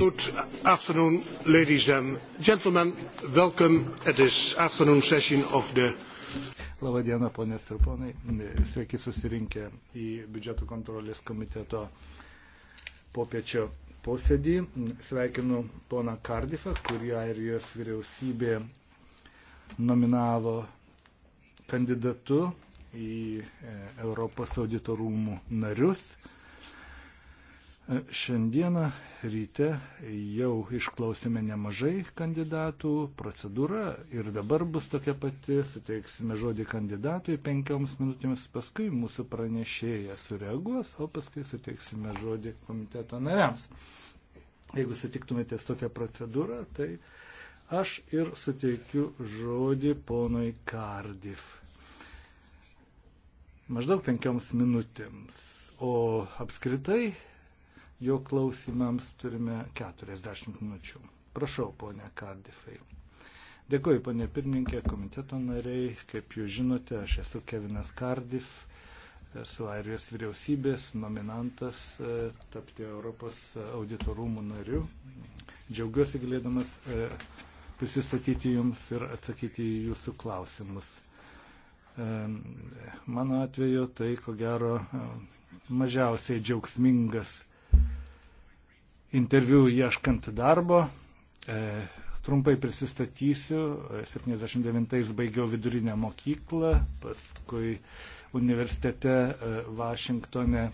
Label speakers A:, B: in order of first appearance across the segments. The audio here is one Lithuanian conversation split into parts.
A: Good afternoon, ladies and gentlemen. Welcome at this afternoon session of the. Labadiena, ponės ir ponai. Sveiki susirinkę į biudžeto kontrolės komiteto popiečio posėdį. Sveikinu poną Kardifą, kurį Airijos vyriausybė nominavo kandidatu į e, Europos audito rūmų narius. Šiandieną ryte jau išklausėme nemažai kandidatų, procedūra ir dabar bus tokia pati, suteiksime žodį kandidatui penkioms minutėms, paskui mūsų pranešėjas sureaguos, o paskui suteiksime žodį komiteto nariams. Jeigu sutiktumėtės tokią procedūrą, tai aš ir suteikiu žodį ponui Kardif. Maždaug penkioms minutėms. O apskritai jo klausimams turime 40 minučių. Prašau, ponė Kardifai. Dėkuoju, ponė pirmininkė, komiteto nariai. Kaip jūs žinote, aš esu Kevinas Kardif, esu Airijos vyriausybės nominantas e, tapti Europos auditorumų nariu. Džiaugiuosi galėdamas e, prisistatyti jums ir atsakyti į jūsų klausimus. E, mano atveju tai, ko gero, mažiausiai džiaugsmingas interviu ieškant darbo. E, trumpai prisistatysiu. 79-ais e, baigiau vidurinę mokyklą, paskui universitete e, Vašingtone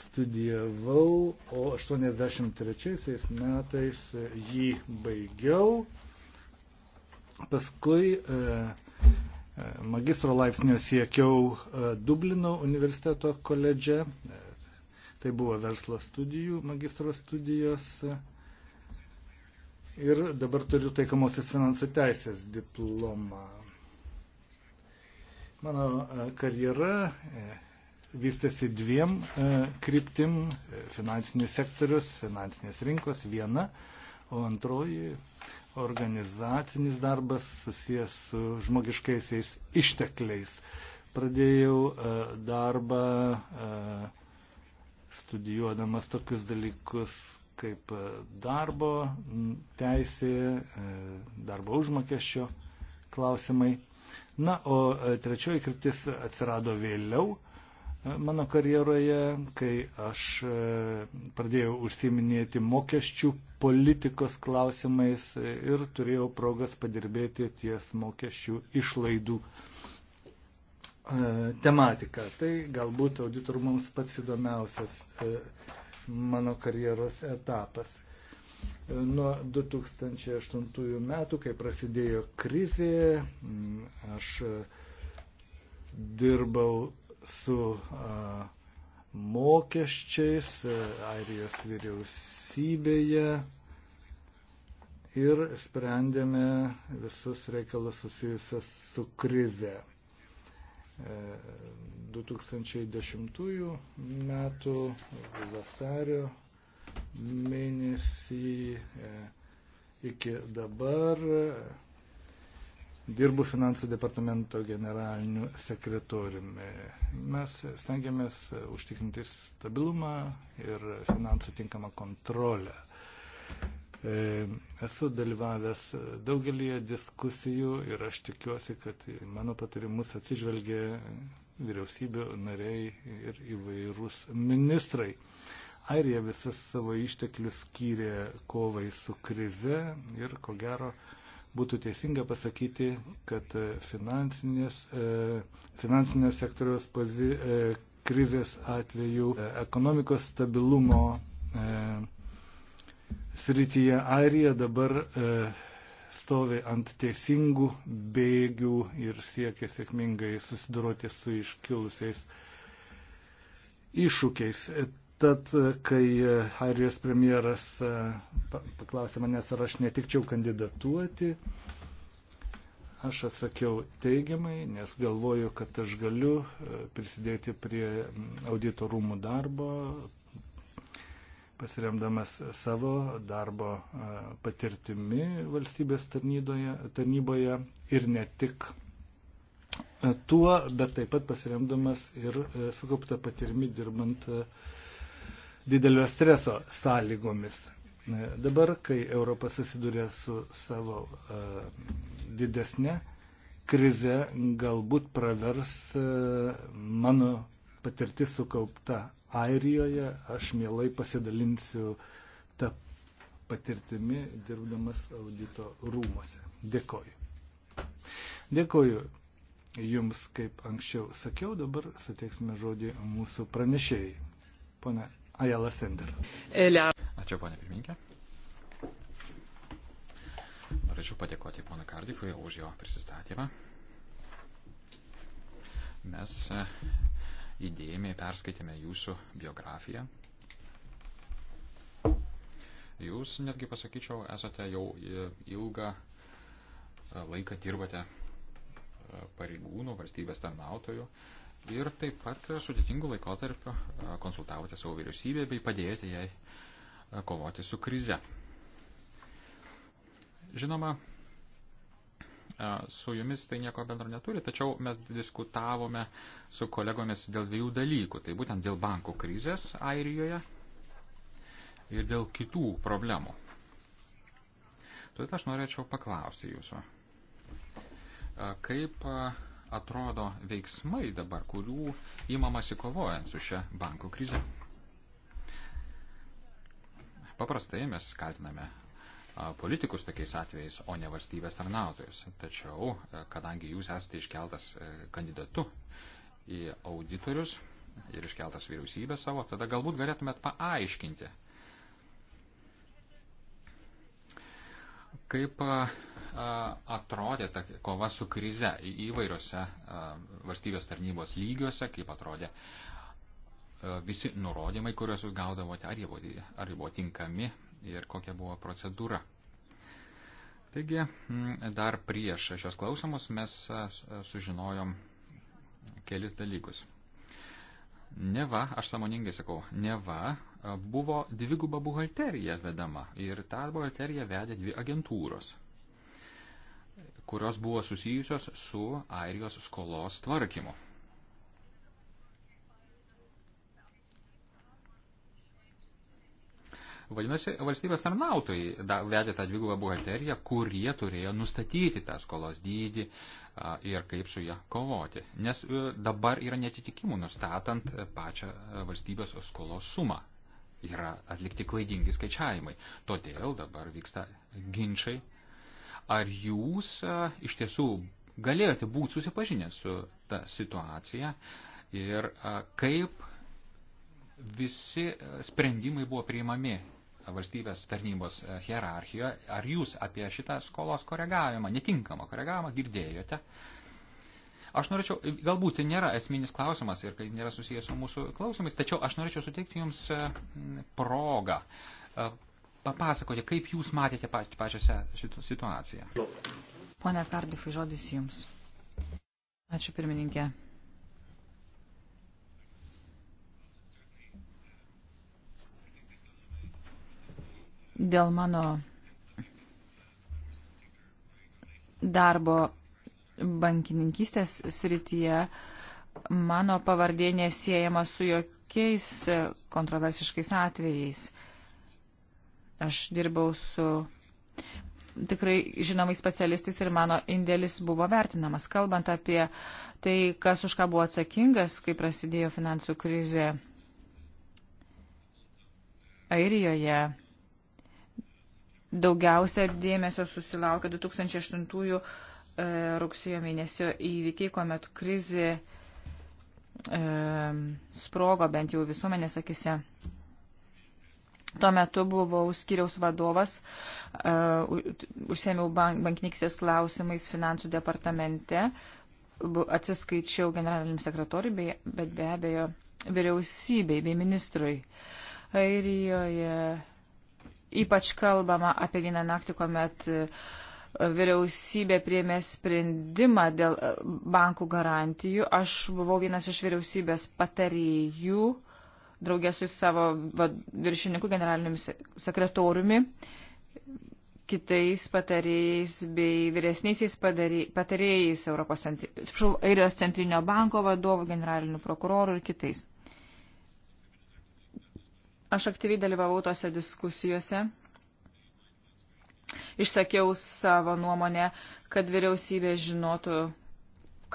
A: studijavau, o 83-aisiais metais jį baigiau. Paskui e, e magistro laipsnio siekiau Dublino universiteto koledže, Tai buvo verslo studijų, magistro studijos. Ir dabar turiu taikomosios finansų teisės diplomą. Mano e, karjera e, vystėsi dviem e, kryptim - finansinis sektorius, finansinės rinkos viena, o antroji - organizacinis darbas susijęs su žmogiškaisiais ištekliais. Pradėjau darbą studijuodamas tokius dalykus kaip e, darbo teisė, e, darbo užmokesčio klausimai. Na, o e, trečioji kryptis atsirado vėliau mano karjeroje, kai aš pradėjau užsiminėti mokesčių politikos klausimais ir turėjau progas padirbėti ties mokesčių išlaidų E, tematiką. Tai galbūt auditorumams pats įdomiausias e, mano karjeros etapas. E, nuo 2008 metų, kai prasidėjo krizė, aš dirbau su mokesčiais Airijos vyriausybėje ir sprendėme visus reikalus susijusios su krize. 2010 metų vasario mėnesį e, iki dabar e, dirbu finansų departamento generaliniu sekretoriumi. Mes stengiamės užtikrinti stabilumą ir finansų tinkamą kontrolę. E, esu dalyvavęs daugelį diskusijų ir aš tikiuosi, kad mano patarimus atsižvelgia vyriausybių nariai ir įvairūs ministrai. Airija visas savo išteklius skyrė kovai su krize ir ko gero būtų teisinga pasakyti, kad finansinės, e, finansinės sektoriaus pozi, e, krizės atveju ekonomikos stabilumo srityje Airija dabar e, stovi ant teisingų bėgių ir siekia sėkmingai susidoroti su iškilusiais iššūkiais. Tad, e, kai e, Airijos premjeras paklausė manęs, ar aš netikčiau kandidatuoti, aš atsakiau teigiamai, nes galvoju, kad aš galiu prisidėti prie audito rūmų darbo, pasiremdamas savo darbo e, patirtimi valstybės tarnyboje ir ne tik e, tuo, bet taip pat pasiremdamas ir e, sukauptą patirtimi dirbant didelio streso sąlygomis. Dabar, kai Europa susiduria su savo didesne krize, galbūt pravers mano patirtis sukaupta Airijoje. Aš mielai pasidalinsiu tą patirtimi dirbdamas audito rūmose. Dėkoju. Dėkoju Jums, kaip anksčiau sakiau, dabar suteiksime žodį mūsų pranešėjai. Pone Ajala Sender.
B: Ačiū, ponė pirmininkė. Norėčiau padėkoti ponui Kardifui už jo prisistatymą. Mes įdėmiai perskaitėme jūsų biografiją. Jūs netgi pasakyčiau, esate jau ilgą e, laiką dirbate e, pareigūnų, valstybės tarnautojų ir taip pat sudėtingų laikotarpių e, konsultavote savo vyriausybę bei padėjote jai kovoti su krize. Žinoma, su jumis tai nieko bendro neturi, tačiau mes diskutavome su kolegomis dėl dviejų dalykų. Tai būtent dėl bankų krizės Airijoje ir dėl kitų problemų. Todėl aš norėčiau paklausti jūsų, kaip atrodo veiksmai dabar, kurių įmamasi kovojant su šia bankų krize. Paprastai mes kaltiname politikus tokiais atvejais, o ne valstybės tarnautojus. Tačiau, e, kadangi jūs esate iškeltas e, kandidatu į auditorius ir iškeltas vyriausybę savo, tada galbūt galėtumėt paaiškinti, kaip e, atrodė ta kova su krize įvairiose valstybės tarnybos lygiuose, kaip atrodė visi nurodymai, kuriuos jūs gaudavote, ar jie buvo, ar jie buvo tinkami ir kokia buvo procedūra. Taigi, mm, dar prieš šios klausimus mes sužinojom kelis dalykus. Neva, aš samoningai sakau, neva buvo dviguba buhalterija vedama ir tą buhalteriją vedė dvi agentūros, kurios buvo susijusios su Airijos skolos tvarkymu. Vadinasi, valstybės tarnautojai vedė tą dvigubą buhalteriją, kurie turėjo nustatyti tą skolos dydį ir kaip su ją kovoti. Nes e, dabar yra netitikimų nustatant e, pačią e, valstybės skolos sumą. Yra atlikti klaidingi skaičiavimai. Todėl dabar vyksta ginčiai. Ar jūs iš tiesų galėjote būti susipažinę su ta situacija ir kaip visi sprendimai buvo priimami valstybės tarnybos e, hierarchijoje. Ar jūs apie šitą skolos koregavimą, netinkamą koregavimą girdėjote? Aš norėčiau, galbūt tai nėra esminis klausimas ir kad nėra susijęs su mūsų klausimais, tačiau aš norėčiau suteikti Jums e, progą e, papasakoti, kaip Jūs matėte pačią situaciją.
C: Pone Kardifai, žodis Jums. Ačiū pirmininkė. dėl mano darbo bankininkystės srityje mano pavardė nesiejama su jokiais kontroversiškais atvejais. Aš dirbau su tikrai žinomais specialistais ir mano indėlis buvo vertinamas. Kalbant apie tai, kas už ką buvo atsakingas, kai prasidėjo finansų krizė Airijoje, Daugiausia dėmesio susilaukė 2008 e, rugsėjo mėnesio įvykiai, kuomet krizė e, sprogo bent jau visuomenės akise. Tuo metu buvau skiriaus vadovas, e, užsėmiau banknikstės klausimais finansų departamente, atsiskaičiau generaliniam sekretoriui, bet be abejo vyriausybei bei ministrui. Airijoje ypač kalbama apie vieną naktį, kuomet e, vyriausybė priemė sprendimą dėl e, bankų garantijų. Aš buvau vienas iš vyriausybės patarėjų, draugės su savo viršininku generaliniu sekretoriumi, kitais patarėjais bei vyresniaisiais patarėjais Europos centri... Airijos centrinio banko vadovų, generaliniu prokuroru ir kitais. Aš aktyviai dalyvavau tose diskusijose. Išsakiau savo nuomonę, kad vyriausybė žinotų,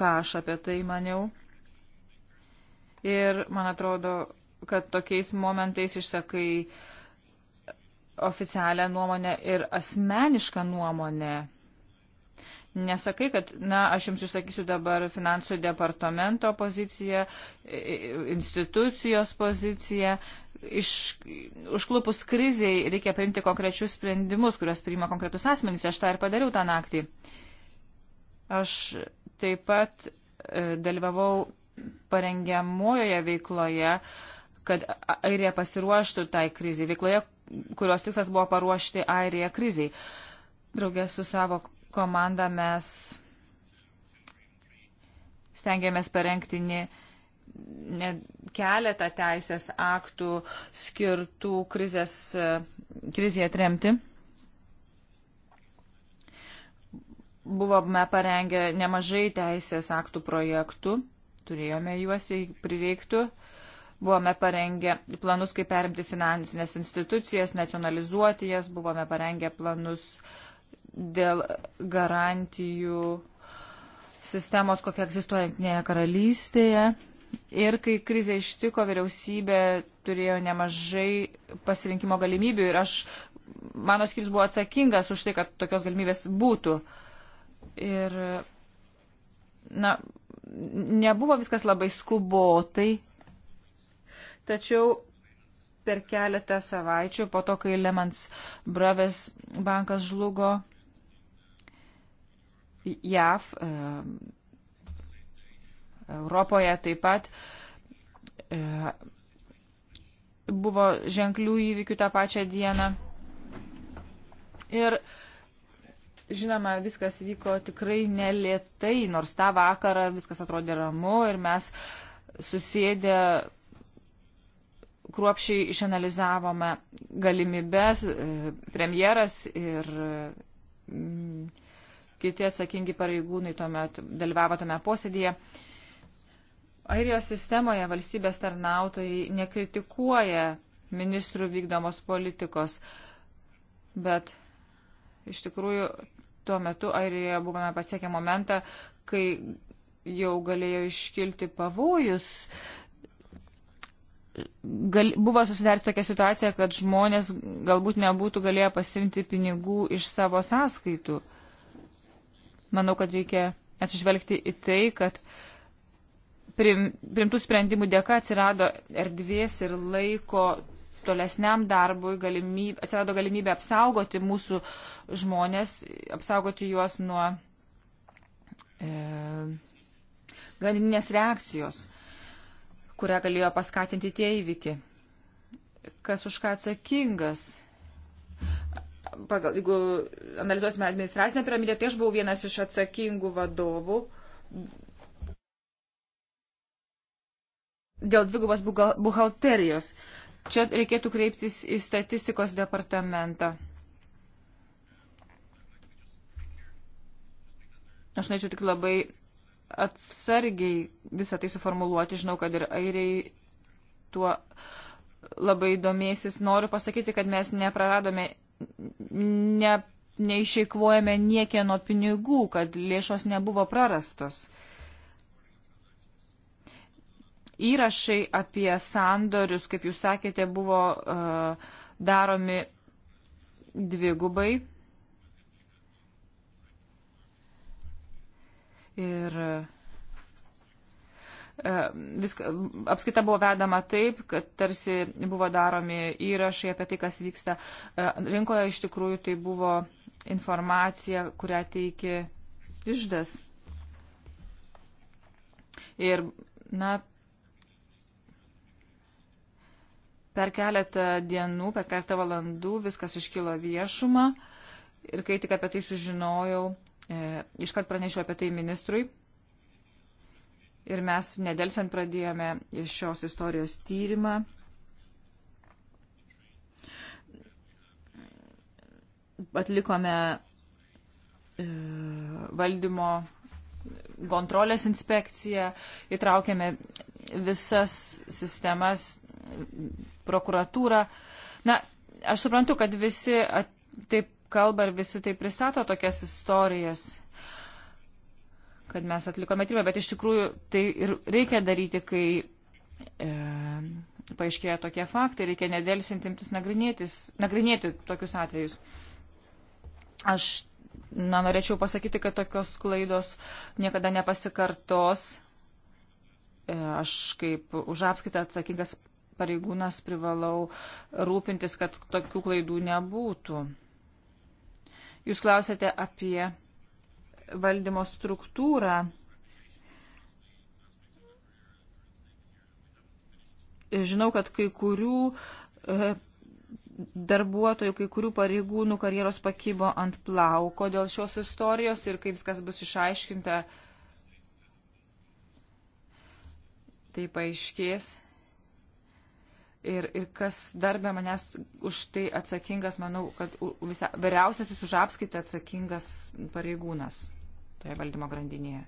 C: ką aš apie tai maniau. Ir man atrodo, kad tokiais momentais išsakai oficialią nuomonę ir asmenišką nuomonę. Nesakai, kad, na, aš jums išsakysiu dabar finansų departamento poziciją, institucijos poziciją, iš, užklupus kriziai reikia priimti konkrečius sprendimus, kuriuos priima konkretus asmenys. Aš tą ir padariau tą naktį. Aš taip pat e, dalyvavau parengiamojoje veikloje, kad Airija pasiruoštų tai kriziai, veikloje, kurios tikslas buvo paruošti Airiją kriziai. Draugė su savo komanda mes stengiamės parengti ne ne, keletą teisės aktų skirtų krizės, krizėje atremti. Buvome parengę nemažai teisės aktų projektų, turėjome juos, jei prireiktų. Buvome parengę planus, kaip perimti finansinės institucijas, nacionalizuoti jas, buvome parengę planus dėl garantijų sistemos, kokia egzistuoja Junktinėje karalystėje. Ir kai krizė ištiko, vyriausybė turėjo nemažai pasirinkimo galimybių ir aš, mano skyrius buvo atsakingas už tai, kad tokios galimybės būtų. Ir, na, nebuvo viskas labai skubotai, tačiau per keletą savaičių po to, kai Lemans Braves bankas žlugo, JAV. E, Europoje taip pat e, buvo ženklių įvykių tą pačią dieną. Ir žinoma, viskas vyko tikrai nelietai, nors tą vakarą viskas atrodė ramu ir mes susėdę kruopšiai išanalizavome galimybės, e, premjeras ir mm, kiti atsakingi pareigūnai tuomet dalyvavo tame posėdėje. Airijos sistemoje valstybės tarnautojai nekritikuoja ministrų vykdomos politikos, bet iš tikrųjų tuo metu Airijoje buvome pasiekę momentą, kai jau galėjo iškilti pavojus. Gal, buvo susidaręs tokia situacija, kad žmonės galbūt nebūtų galėję pasimti pinigų iš savo sąskaitų. Manau, kad reikia atsižvelgti į tai, kad uh, prim, primtų sprendimų dėka atsirado erdvės ir laiko tolesniam darbui, galimybė, atsirado galimybė apsaugoti mūsų žmonės, apsaugoti juos nuo e, grandininės reakcijos, kurią galėjo paskatinti tie įvykiai. Kas už ką atsakingas? Pagal, jeigu analizuosime administracinę piramidę, tai aš buvau vienas iš atsakingų vadovų dėl dvigubos buhalterijos. Čia reikėtų kreiptis į statistikos departamentą. Aš norėčiau tik labai atsargiai visą tai suformuluoti. Žinau, kad ir airiai tuo labai domėsis. Noriu pasakyti, kad mes nepraradome, ne, neišeikvojame niekieno pinigų, kad lėšos nebuvo prarastos. Įrašai apie sandorius, kaip jūs sakėte, buvo uh, daromi dvigubai. Ir e, viską, apskaita buvo vedama taip, kad tarsi buvo daromi įrašai apie tai, kas vyksta e, rinkoje, iš tikrųjų tai buvo informacija, kurią teikė išdas. Ir, na, Per keletą dienų, per keletą valandų viskas iškilo viešumą ir kai tik apie tai sužinojau, e, iškart pranešiau apie tai ministrui. Ir mes nedelsiant pradėjome šios istorijos tyrimą. Atlikome e, valdymo kontrolės inspekciją, įtraukėme visas sistemas prokuratūrą. Na, aš suprantu, kad visi taip kalba ir visi taip pristato tokias istorijas kad mes atlikome tyrimą, bet iš tikrųjų tai ir reikia daryti, kai e, paaiškėja tokie faktai, reikia nedelsinti imtis nagrinėti tokius atvejus. Aš na, norėčiau pasakyti, kad tokios klaidos niekada nepasikartos. E, aš kaip už apskaitą atsakingas pareigūnas privalau rūpintis, kad tokių klaidų nebūtų. Jūs klausėte apie valdymo struktūrą. Žinau, kad kai kurių e, darbuotojų, kai kurių pareigūnų karjeros pakybo ant plauko dėl šios istorijos ir kaip viskas bus išaiškinta, tai paaiškės ir, ir kas dar be manęs už tai atsakingas, manau, kad visa, vyriausiasis už apskaitą atsakingas pareigūnas toje valdymo grandinėje.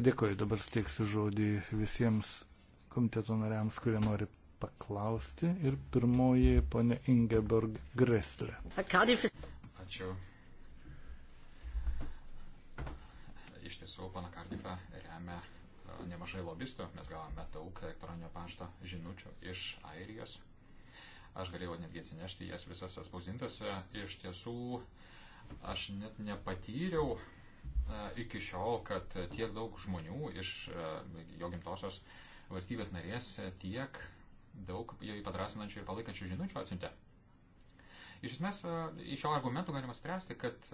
A: Dėkuoju, dabar steiksiu žodį visiems komiteto nariams, kurie nori paklausti. Ir pirmoji ponė Ingeborg Greslė.
C: Ačiū.
B: Iš tiesų, pana Kardifą remia nemažai lobistų, mes gavome daug elektroninio pašto žinučių iš Airijos. Aš galėjau netgi atsinešti jas visas atspausdintas. Iš tiesų, aš net nepatyriau e, iki šiol, kad tiek daug žmonių iš e, jo gimtosios valstybės narės tiek daug jai padrasinančių ir palaikančių žinučių atsintė. Iš esmės, e, iš šio argumentų galima spręsti, kad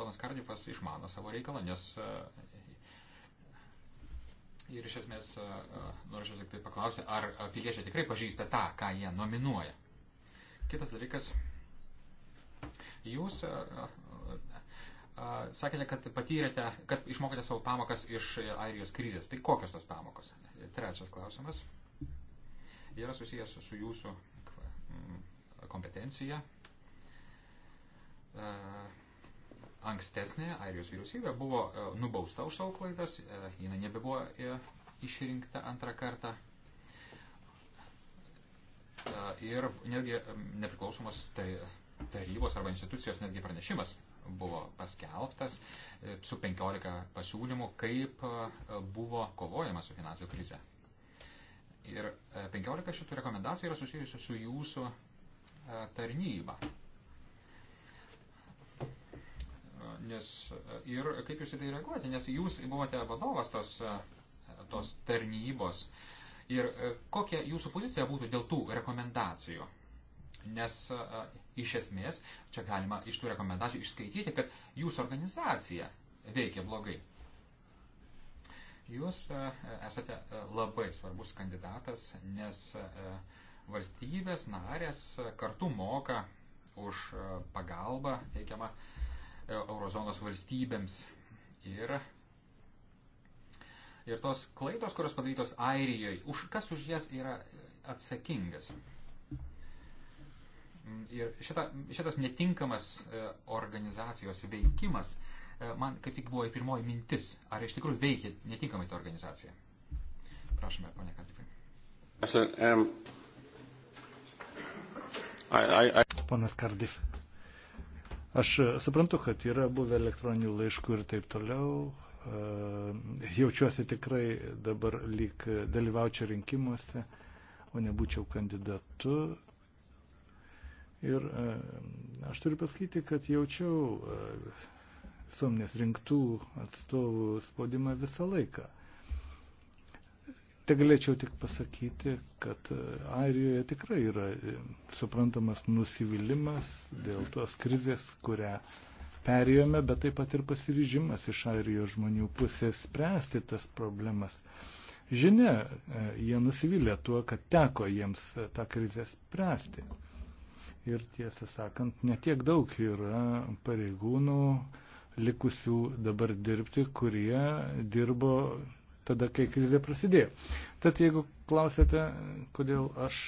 B: ponas Kardifas išmano savo reikalą, nes Ir iš esmės norėčiau tik tai paklausti, ar piliečiai tikrai pažįsta tą, ką jie nominuoja. Kitas dalykas, jūs sakėte, kad patyrėte, kad išmokėte savo pamokas iš Airijos krizės. Tai kokios tos pamokos? Trečias klausimas yra susijęs su jūsų mm, kompetencija. Uh, ankstesnė Airijos vyriausybė buvo e, nubausta už savo klaidas, e, jinai nebebuvo e, išrinkta antrą kartą. Ir netgi nepriklausomas tarybos arba institucijos netgi pranešimas buvo paskelbtas su 15 pasiūlymų, kaip buvo kovojama su finansų krize. Ir 15 šitų rekomendacijų yra susijusių su jūsų tarnyba. nes e, ir kaip jūs į tai reaguojate, nes jūs buvote vadovas tos, e, tos tarnybos. Ir e, kokia jūsų pozicija būtų dėl tų rekomendacijų? Nes iš esmės čia galima iš tų rekomendacijų išskaityti, kad jūsų organizacija veikia blogai. Jūs esate labai svarbus kandidatas, nes valstybės narės kartu moka už pagalbą teikiamą E, eurozonos valstybėms. Ir, ir tos klaidos, kurios padarytos Airijoje, už kas už jas yra atsakingas. Ir šita, šitas netinkamas e, organizacijos veikimas, e, man kaip tik buvo pirmoji mintis, ar iš tikrųjų veikia netinkamai ta organizacija. Prašome, ponia Kardifai.
A: Um, Ponas Kardif. Aš e, suprantu, kad yra buvę elektroninių laiškų ir taip toliau. E, jaučiuosi tikrai dabar lyg dalyvaučiau rinkimuose, o nebūčiau kandidatu. Ir e, aš turiu pasakyti, kad jaučiau visuomenės rinktų atstovų spaudimą visą laiką. Te tai galėčiau tik pasakyti, kad e, Airijoje tikrai yra e, suprantamas nusivylimas dėl tos krizės, kurią perėjome, bet taip pat ir pasiryžimas iš Airijos žmonių pusės spręsti tas problemas. Žinia, e, jie nusivylė tuo, kad teko jiems tą krizę spręsti. Ir tiesą sakant, netiek daug yra pareigūnų likusių dabar dirbti, kurie dirbo tada, kai krizė prasidėjo. Tad jeigu klausėte, kodėl aš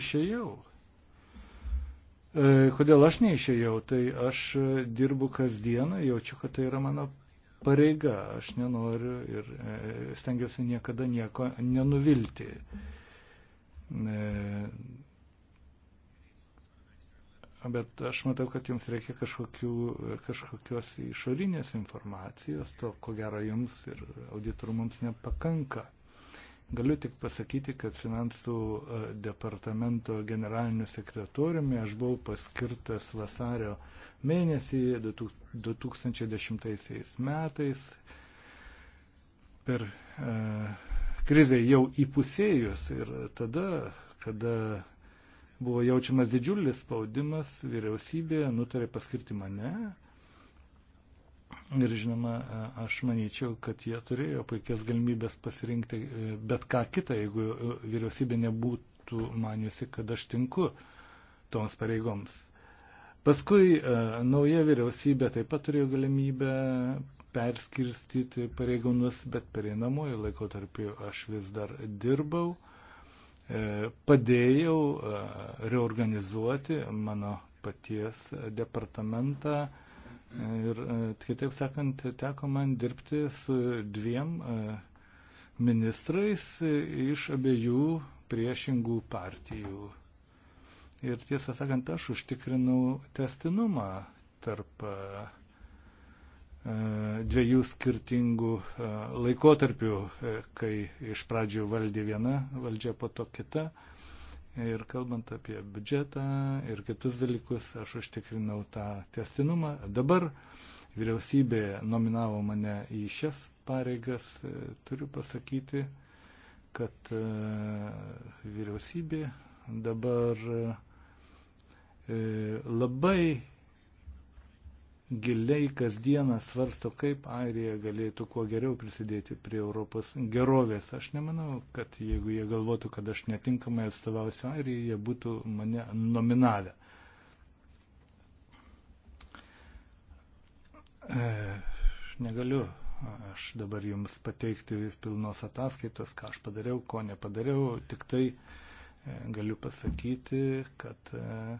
A: išėjau, e, kodėl aš neišėjau, tai aš e, dirbu kasdieną, jaučiu, kad tai yra mano pareiga, aš nenoriu ir e, stengiuosi niekada nieko nenuvilti bet aš matau, kad jums reikia kažkokių, kažkokios išorinės informacijos, to ko gero jums ir auditorumams nepakanka. Galiu tik pasakyti, kad finansų e, departamento generaliniu sekretoriumi aš buvau paskirtas vasario mėnesį 2010 metais per e, krizę jau įpusėjus ir tada, kada buvo jaučiamas didžiulis spaudimas, vyriausybė nutarė paskirti mane. Ir žinoma, aš manyčiau, kad jie turėjo puikias galimybės pasirinkti e, bet ką kitą, jeigu e, vyriausybė nebūtų maniusi, kad aš tinku toms pareigoms. Paskui e, nauja vyriausybė taip pat turėjo galimybę perskirstyti pareigūnus, bet pereinamojų laikotarpiu aš vis dar dirbau. E, padėjau e, reorganizuoti mano paties departamentą e, ir, kitaip sakant, teko man dirbti su dviem ministrais iš abiejų priešingų partijų. Ir tiesą sakant, aš užtikrinau testinumą tarp uh, dviejų skirtingų e, laikotarpių, e, kai iš pradžių valdė viena valdžia, po to kita. Ir kalbant apie biudžetą ir kitus dalykus, aš užtikrinau tą testinumą. Dabar vyriausybė nominavo mane į šias pareigas. E, turiu pasakyti, kad vyriausybė dabar labai giliai kasdieną svarsto, kaip Airija galėtų kuo geriau prisidėti prie Europos gerovės. Aš nemanau, kad jeigu jie galvotų, kad aš netinkamai atstovausiu Airijai, jie būtų mane nominavę. E, negaliu aš dabar jums pateikti pilnos ataskaitos, ką aš padariau, ko nepadariau, tik tai e, galiu pasakyti, kad e,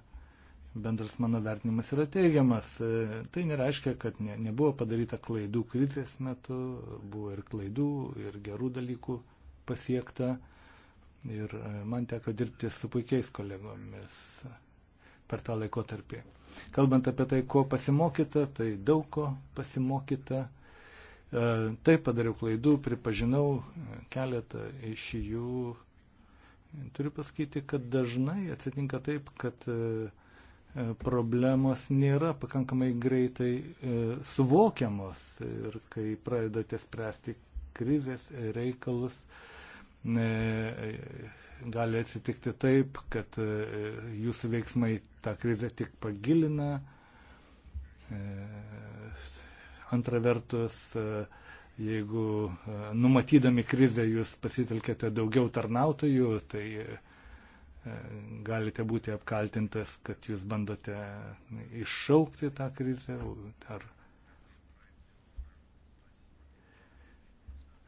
A: bendras mano vertinimas yra teigiamas. E, tai nereiškia, kad ne, nebuvo padaryta klaidų krizės metu, buvo ir klaidų, ir gerų dalykų pasiekta. Ir e, man teko dirbti su puikiais kolegomis per tą laikotarpį. Kalbant apie tai, ko pasimokyta, tai daug ko pasimokyta. E, taip padariau klaidų, pripažinau keletą iš jų. Turiu pasakyti, kad dažnai atsitinka taip, kad uh, E, problemos nėra pakankamai greitai e, suvokiamos ir kai pradedate spręsti krizės reikalus, e, gali atsitikti taip, kad jūsų veiksmai tą krizę tik pagilina. Antra vertus, jeigu numatydami krizę jūs pasitelkėte daugiau tarnautojų, tai galite būti apkaltintas, kad jūs bandote iššaukti tą krizę ar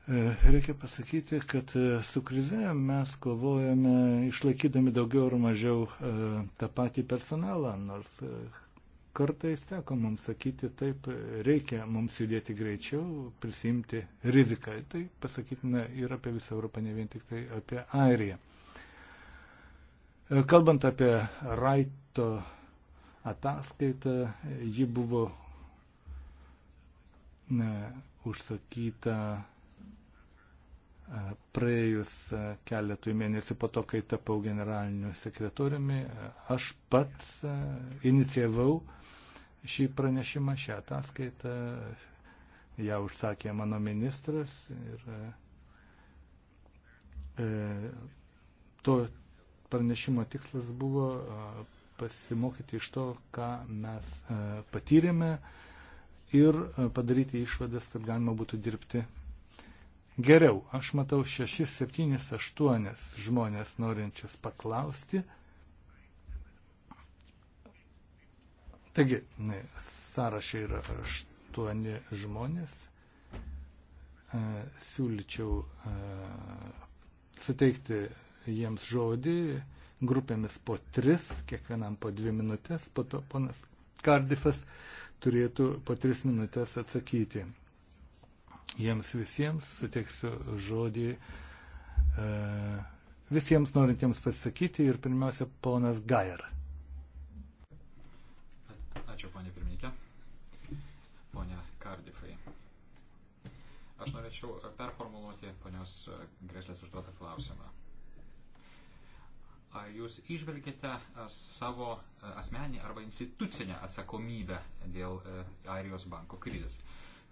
A: e, Reikia pasakyti, kad e, su krize mes kovojame išlaikydami daugiau ar mažiau e, tą patį personalą, nors kartais teko mums sakyti, taip, reikia mums judėti greičiau, prisimti riziką. Tai pasakytina ir apie visą Europą, ne vien tik tai apie Airiją. E, kalbant apie Raito ataskaitą, ji buvo e, užsakyta e, praėjus keletui mėnesių po to, kai tapau generaliniu sekretoriumi, aš pats inicijavau šį pranešimą, šią ataskaitą, ją užsakė mano ministras ir to pranešimo tikslas buvo pasimokyti iš to, ką mes patyrėme ir padaryti išvadas, kad galima būtų dirbti geriau. Aš matau 6, 7, 8 žmonės norinčius paklausti. Taigi, sąrašai yra 8 žmonės. Siūlyčiau suteikti jiems žodį, grupėmis po tris, kiekvienam po dvi minutės, po to ponas Kardifas turėtų po tris minutės atsakyti. Jiems visiems suteiksiu žodį e, visiems norintiems pasisakyti ir pirmiausia ponas Gajer.
B: Ačiū, ponė pirmininkė. Ponė Kardifai. Aš norėčiau performuluoti ponios Greslės užduotą klausimą. Ar jūs išvelgėte e, savo e, asmenį arba institucinę atsakomybę dėl e, Airijos banko krizės?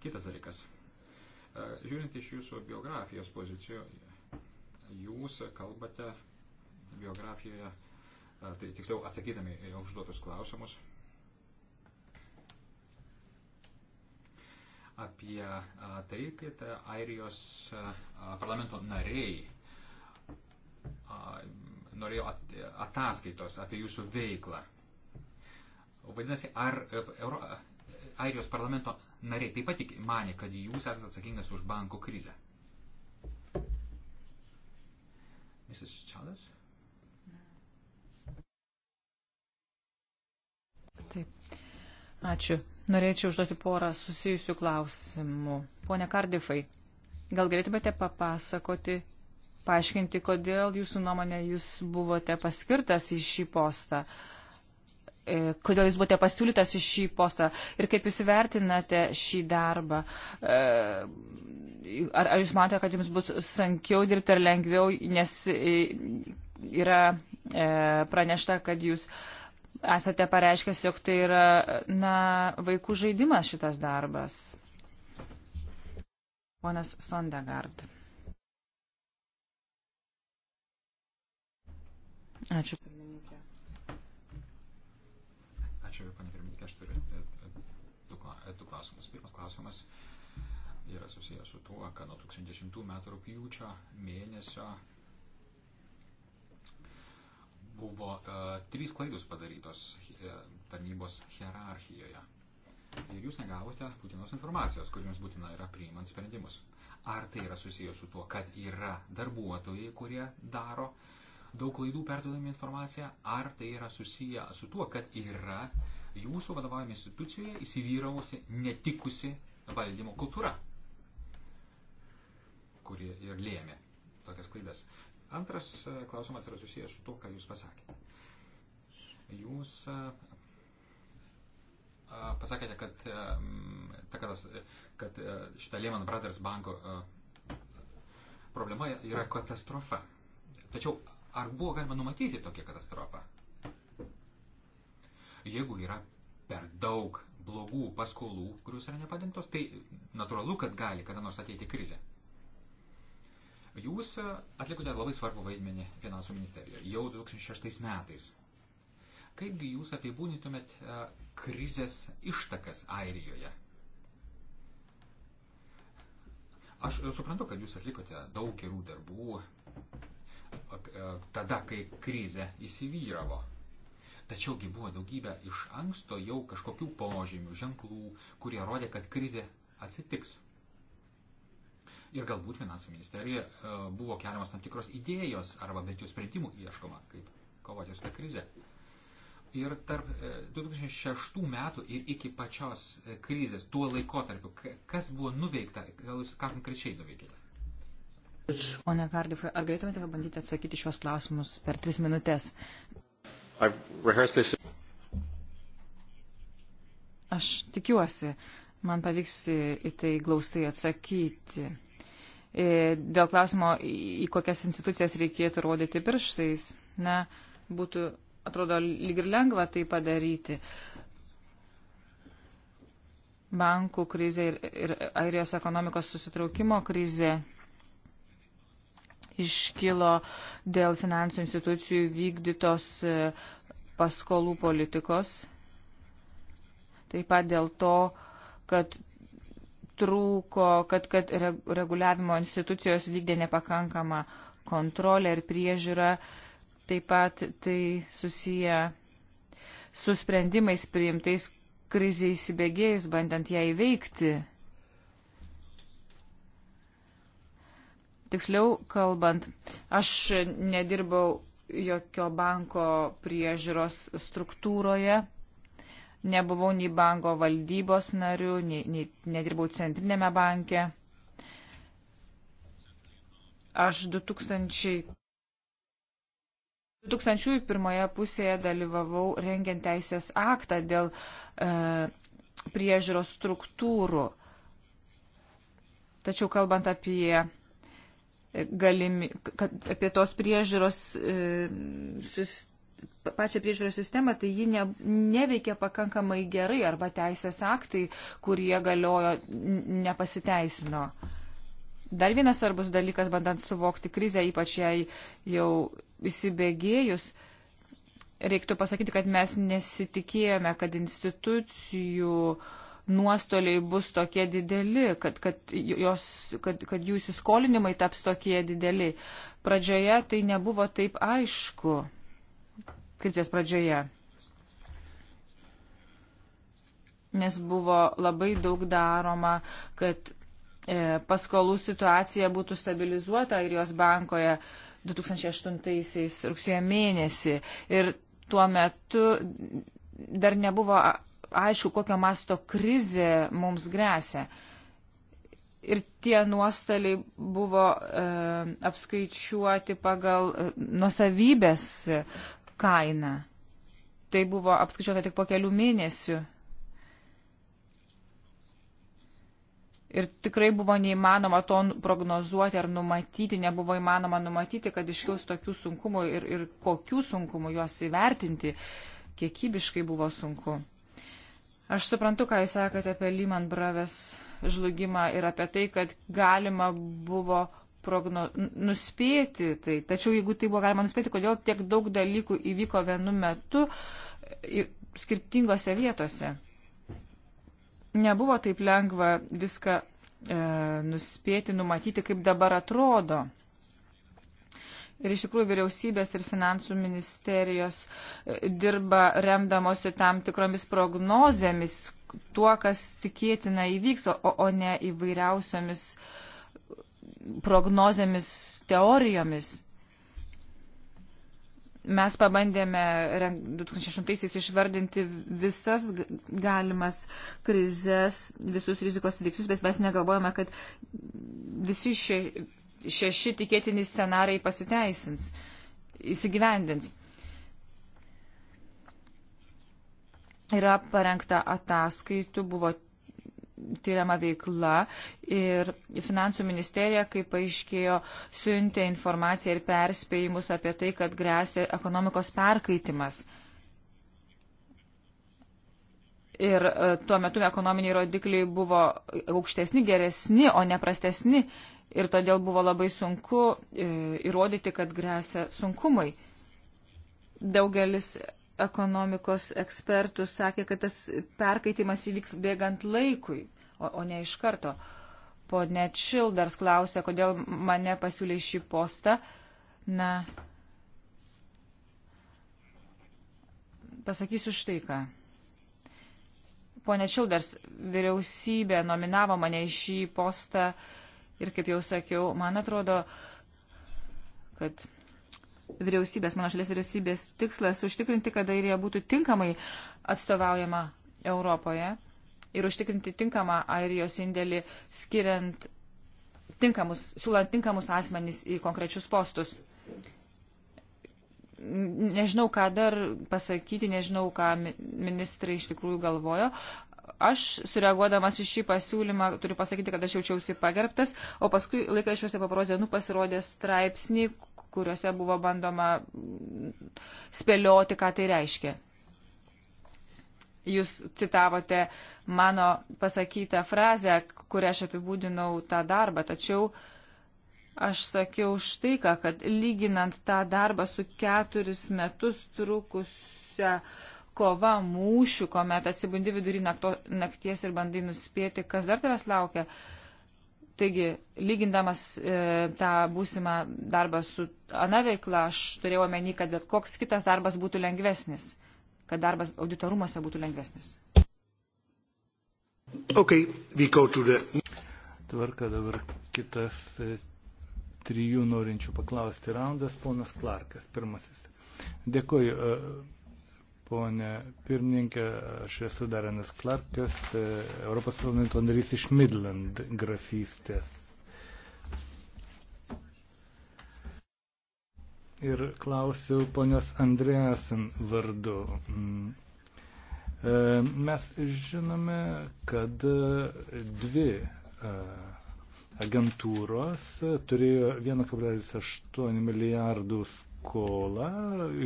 B: Kitas dalykas. Žiūrint iš jūsų biografijos pozicijų, jūs kalbate biografijoje, tai tiksliau atsakydami į užduotus klausimus, apie tai, kad Airijos parlamento nariai norėjo ataskaitos apie jūsų veiklą. Vadinasi, ar e, Euro, Airijos parlamento nariai taip pat tik mane, kad jūs esate atsakingas už banko krizę? Mrs. Čalas?
C: Taip. Ačiū. Norėčiau užduoti porą susijusių klausimų. Pone Kardifai, gal galėtumėte papasakoti paaiškinti, kodėl jūsų nuomonė jūs buvote paskirtas į šį postą, e, kodėl jūs buvote pasiūlytas į šį postą ir kaip jūs vertinate šį darbą. E, ar, ar jūs matote, kad jums bus sankiau dirbti ar lengviau, nes e, yra pranešta, kad jūs esate pareiškęs, jog tai yra na, vaikų žaidimas šitas darbas. Ponas Sondegard. Ačiū.
B: Ačiū, panė pirmininkė, aš turiu e, e, e, du klausimus. Pirmas klausimas yra susijęs su tuo, kad nuo 2010 metų rūpjūčio mėnesio buvo uh, trys klaidos padarytos uh, tarnybos hierarchijoje. Ir jūs negavote būtinos informacijos, kur jums būtina yra priimant sprendimus. Ar tai yra susijęs su tuo, kad yra darbuotojai, kurie daro uh, daug klaidų perdodami informaciją, ar tai yra susiję su tuo, kad yra jūsų vadovavimo institucijoje įsivyravusi netikusi valdymo kultūra, kuri ir lėmė tokias klaidas. Antras e, klausimas yra susijęs su to, ką jūs pasakėte. Jūs e, e, pasakėte, kad, kad, kad šita Lehman Brothers banko problema yra katastrofa. Tačiau Ar buvo galima numatyti tokią katastrofą? Jeigu yra per daug blogų paskolų, kurios yra nepadengtos, tai natūralu, kad gali kada nors ateiti krizė. Jūs e, atlikote labai svarbu vaidmenį finansų ministerijoje jau 2006 metais. Kaipgi jūs apibūnytumėt e, krizės ištakas Airijoje? Aš e, suprantu, kad jūs atlikote daug gerų darbų, tada, kai krizė įsivyravo. Tačiaugi buvo daugybė iš anksto jau kažkokių požymių, ženklų, kurie rodė, kad krizė atsitiks. Ir galbūt finansų ministerija e, buvo keliamas tam tikros idėjos arba bent jau sprendimų ieškoma, kaip kovoti su tą krizę. Ir tarp 2006 e, metų ir iki pačios e, krizės, tuo laikotarpiu, kas buvo nuveikta, gal jūs ką konkrečiai nuveikėte?
C: Pone Kardifai, ar galėtumėte pabandyti atsakyti šios klausimus per tris minutės? Aš tikiuosi, man pavyks į tai glaustai atsakyti. E, dėl klausimo, į kokias institucijas reikėtų rodyti pirštais, na, būtų, atrodo, lyg ir lengva tai padaryti bankų krizė ir, ir airijos ekonomikos susitraukimo krizė iškilo dėl finansų institucijų vykdytos e, paskolų politikos. Taip pat dėl to, kad trūko, kad, kad reguliavimo institucijos vykdė nepakankamą kontrolę ir priežiūrą. Taip pat tai susiję su sprendimais priimtais kriziai įsibėgėjus, bandant ją įveikti. Tiksliau kalbant, aš nedirbau jokio banko priežiūros struktūroje, nebuvau nei banko valdybos nariu, nei, nei, nedirbau centrinėme banke. Aš 2000. 2001 pusėje dalyvavau rengiant teisės aktą dėl e, priežiūros struktūrų. Tačiau kalbant apie galimi, kad apie tos priežiūros, e, pačią priežiūros sistemą, tai ji ne, neveikia pakankamai gerai arba teisės aktai, kurie galiojo, nepasiteisino. Dar vienas svarbus dalykas, bandant suvokti krizę, ypač jai jau įsibėgėjus, reiktų pasakyti, kad mes nesitikėjome, kad institucijų uh, nuostoliai bus tokie dideli, kad, kad, jos, kad, kad jų įsiskolinimai taps tokie dideli. Pradžioje tai nebuvo taip aišku. Krizės pradžioje. Nes buvo labai daug daroma, kad e, paskolų situacija būtų stabilizuota ir jos bankoje 2008 rugsėjo mėnesį. Ir tuo metu dar nebuvo aišku, kokio masto krizė mums grėsia. Ir tie nuostoliai buvo e, apskaičiuoti pagal e, nusavybės kainą. Tai buvo apskaičiuota tik po kelių mėnesių. Ir tikrai buvo neįmanoma to prognozuoti ar numatyti, nebuvo įmanoma numatyti, kad iškils tokių sunkumų ir, ir kokių sunkumų juos įvertinti. Kiekybiškai buvo sunku. Aš suprantu, ką jūs sakote apie Lehman Brothers žlugimą ir apie tai, kad galima buvo progno, nuspėti tai. Tačiau jeigu tai buvo galima nuspėti, kodėl tiek daug dalykų įvyko vienu metu skirtingose vietose? Nebuvo taip lengva viską e, nuspėti, numatyti, kaip dabar atrodo. Ir iš tikrųjų vyriausybės ir finansų ministerijos e, dirba remdamosi tam tikromis prognozėmis tuo, kas tikėtina įvyks, o, o ne įvairiausiomis prognozėmis, teorijomis mes pabandėme 2008-aisiais išvardinti visas galimas krizės, visus rizikos veiksnius, bet mes negalvojame, kad visi šie šeši tikėtini scenarai pasiteisins, įsigyvendins. Yra parengta ataskaitų, buvo tyriama veikla ir finansų ministerija, kaip paaiškėjo, siuntė informaciją ir perspėjimus apie tai, kad grėsia ekonomikos perkaitimas. Ir e, tuo metu ekonominiai rodikliai buvo aukštesni, geresni, o ne prastesni ir todėl buvo labai sunku e, įrodyti, kad grėsia sunkumai. Daugelis ekonomikos ekspertų sakė, kad tas perkaitimas įvyks bėgant laikui, o, o ne iš karto. Pone Čildars klausė, kodėl mane pasiūlė šį postą. Na, pasakysiu štai ką. Pone Čildars, vyriausybė nominavo mane į šį postą uh, Ir kaip jau sakiau, man atrodo, kad vyriausybės, mano šalies vyriausybės tikslas užtikrinti, kad airija būtų tinkamai atstovaujama Europoje ir užtikrinti tinkamą airijos indėlį, skiriant tinkamus, siūlant tinkamus asmenys į konkrečius postus. Nežinau, ką dar pasakyti, nežinau, ką ministrai iš tikrųjų galvojo aš, sureaguodamas į šį pasiūlymą, turiu pasakyti, kad aš jaučiausi pagerbtas, o paskui laikraščiuose paparos dienų pasirodė straipsniai, kuriuose buvo bandoma spėlioti, ką tai reiškia. Jūs citavote mano pasakytą frazę, kurią aš apibūdinau tą darbą, tačiau aš sakiau štai ką, kad lyginant tą darbą su keturis metus trukusią uh, kova mūšių, kuomet atsibundi vidurį nakto, nakties ir bandai nuspėti, kas dar tavęs laukia. Taigi, lygindamas e, tą būsimą darbą su ana veikla, aš turėjau omeny, kad bet koks kitas darbas būtų lengvesnis, kad darbas auditorumuose būtų lengvesnis.
A: Okay, we go to the... Tvarka dabar kitas e, trijų norinčių paklausti raundas, ponas Klarkas, pirmasis. Dėkoju. E, ponė pirmininkė. Aš esu Daranas Klarkas, e, Europos parlamento narys iš Midland grafystės. Ir klausiu ponios Andreasen vardu. Mm. E, mes žinome, kad dvi e, agentūros turėjo 1,8 milijardus skola,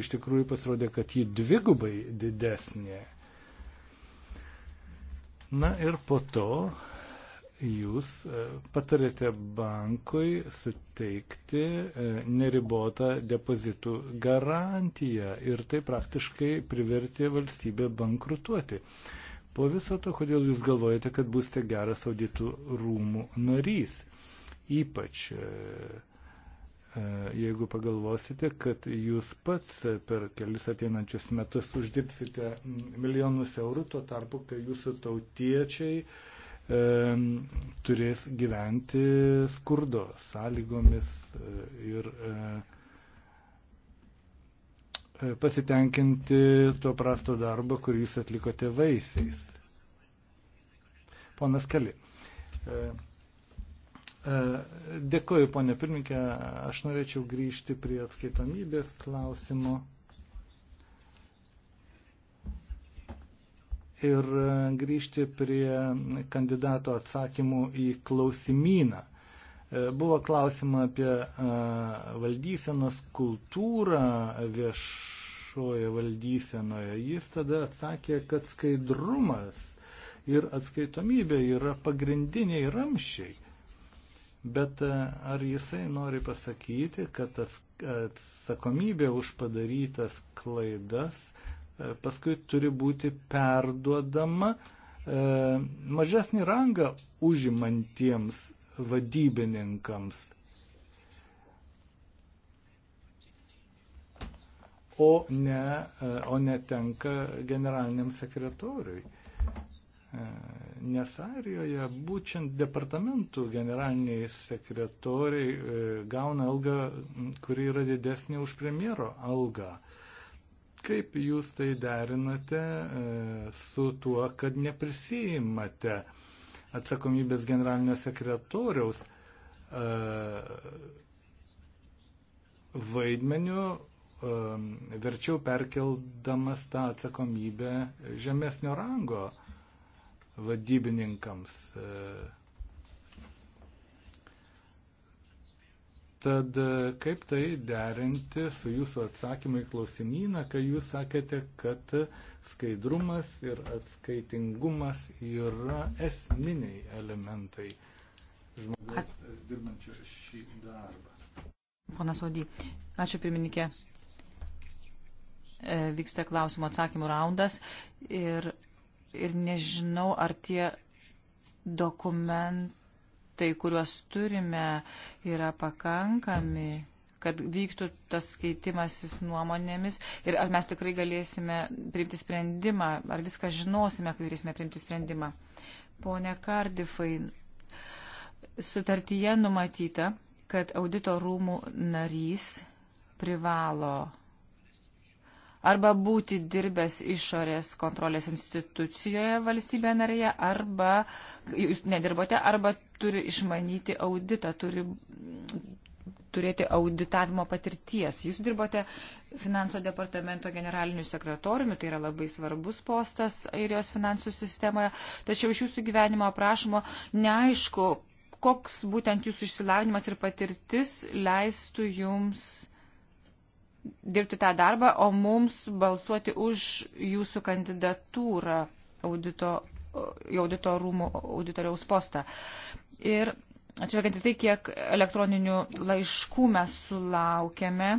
A: iš tikrųjų pasirodė, kad ji dvigubai didesnė. Na ir po to jūs e, patarėte bankui suteikti e, neribotą depozitų garantiją ir tai praktiškai privertė valstybę bankrutuoti. Po viso to, kodėl jūs galvojate, kad būsite geras auditų rūmų narys? Ypač e, E, jeigu pagalvosite, kad jūs pats per kelis ateinančius metus uždirbsite milijonus eurų, tuo tarpu, kai jūsų tautiečiai e, turės gyventi skurdo sąlygomis e, ir e, e, pasitenkinti tuo prasto darbo, kurį jūs atlikote vaisiais. Ponas Kali. E, E, dėkoju, ponė pirminkė, aš norėčiau grįžti prie atskaitomybės klausimo. Ir e, grįžti prie kandidato atsakymų į klausimyną. E, buvo klausima apie valdysenos kultūrą viešoje valdysenoje. Jis tada atsakė, kad skaidrumas ir atskaitomybė yra pagrindiniai ramšiai Bet e, ar jisai nori pasakyti, kad atsakomybė už padarytas klaidas e, paskui turi būti perduodama e, mažesnį rangą užimantiems vadybininkams. O ne, o netenka generaliniam sekretoriui nes Airijoje būtent departamentų generaliniai sekretoriai e, gauna algą, kuri yra didesnė už premjero algą. Kaip jūs tai derinate e, su tuo, kad neprisijimate atsakomybės generalinio sekretoriaus e, vaidmeniu, verčiau perkeldamas tą atsakomybę žemesnio rango vadybininkams. E, Tad e, kaip tai derinti su jūsų atsakymu į klausimyną, kai jūs sakėte, kad skaidrumas ir atskaitingumas yra esminiai elementai žmogaus At... dirbančio šį darbą.
C: Ponas Odį, ačiū pirmininkė. E, vyksta klausimų atsakymų raundas ir ir nežinau, ar tie dokumentai, kuriuos turime, yra pakankami kad vyktų tas keitimasis nuomonėmis ir ar mes tikrai galėsime priimti sprendimą, ar viską žinosime, kai galėsime priimti sprendimą. Pone Kardifai, sutartyje numatyta, kad audito rūmų narys privalo arba būti dirbęs išorės kontrolės institucijoje valstybėje narėje, arba jūs nedirbote, arba turi išmanyti auditą, turi turėti auditavimo patirties. Jūs dirbote finansų departamento generaliniu sekretoriumi, tai yra labai svarbus postas airijos finansų sistemoje, tačiau iš jūsų gyvenimo aprašymo neaišku, koks būtent jūsų išsilavinimas ir patirtis leistų jums dirbti tą darbą, o mums balsuoti už jūsų kandidatūrą audito, audito rūmų auditoriaus postą. Ir atsižvelgiant į tai, kiek elektroninių laiškų mes sulaukėme,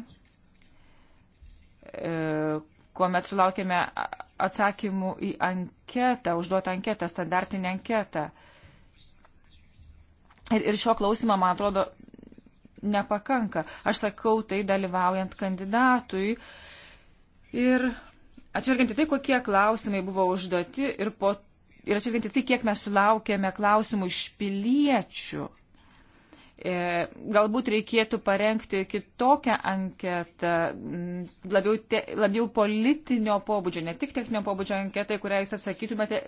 C: e, kuomet sulaukėme atsakymų į anketą, užduotą anketą, standartinę anketą. Ir, ir šio klausimą, man atrodo, nepakanka. Aš sakau tai dalyvaujant kandidatui ir atsižvelgiant į tai, kokie klausimai buvo užduoti ir, po, ir atsižvelgiant į tai, kiek mes sulaukėme klausimų iš piliečių. E, galbūt reikėtų parengti kitokią anketą, labiau, te, labiau politinio pobūdžio, ne tik techninio pobūdžio anketą, į kurią jūs atsakytumėte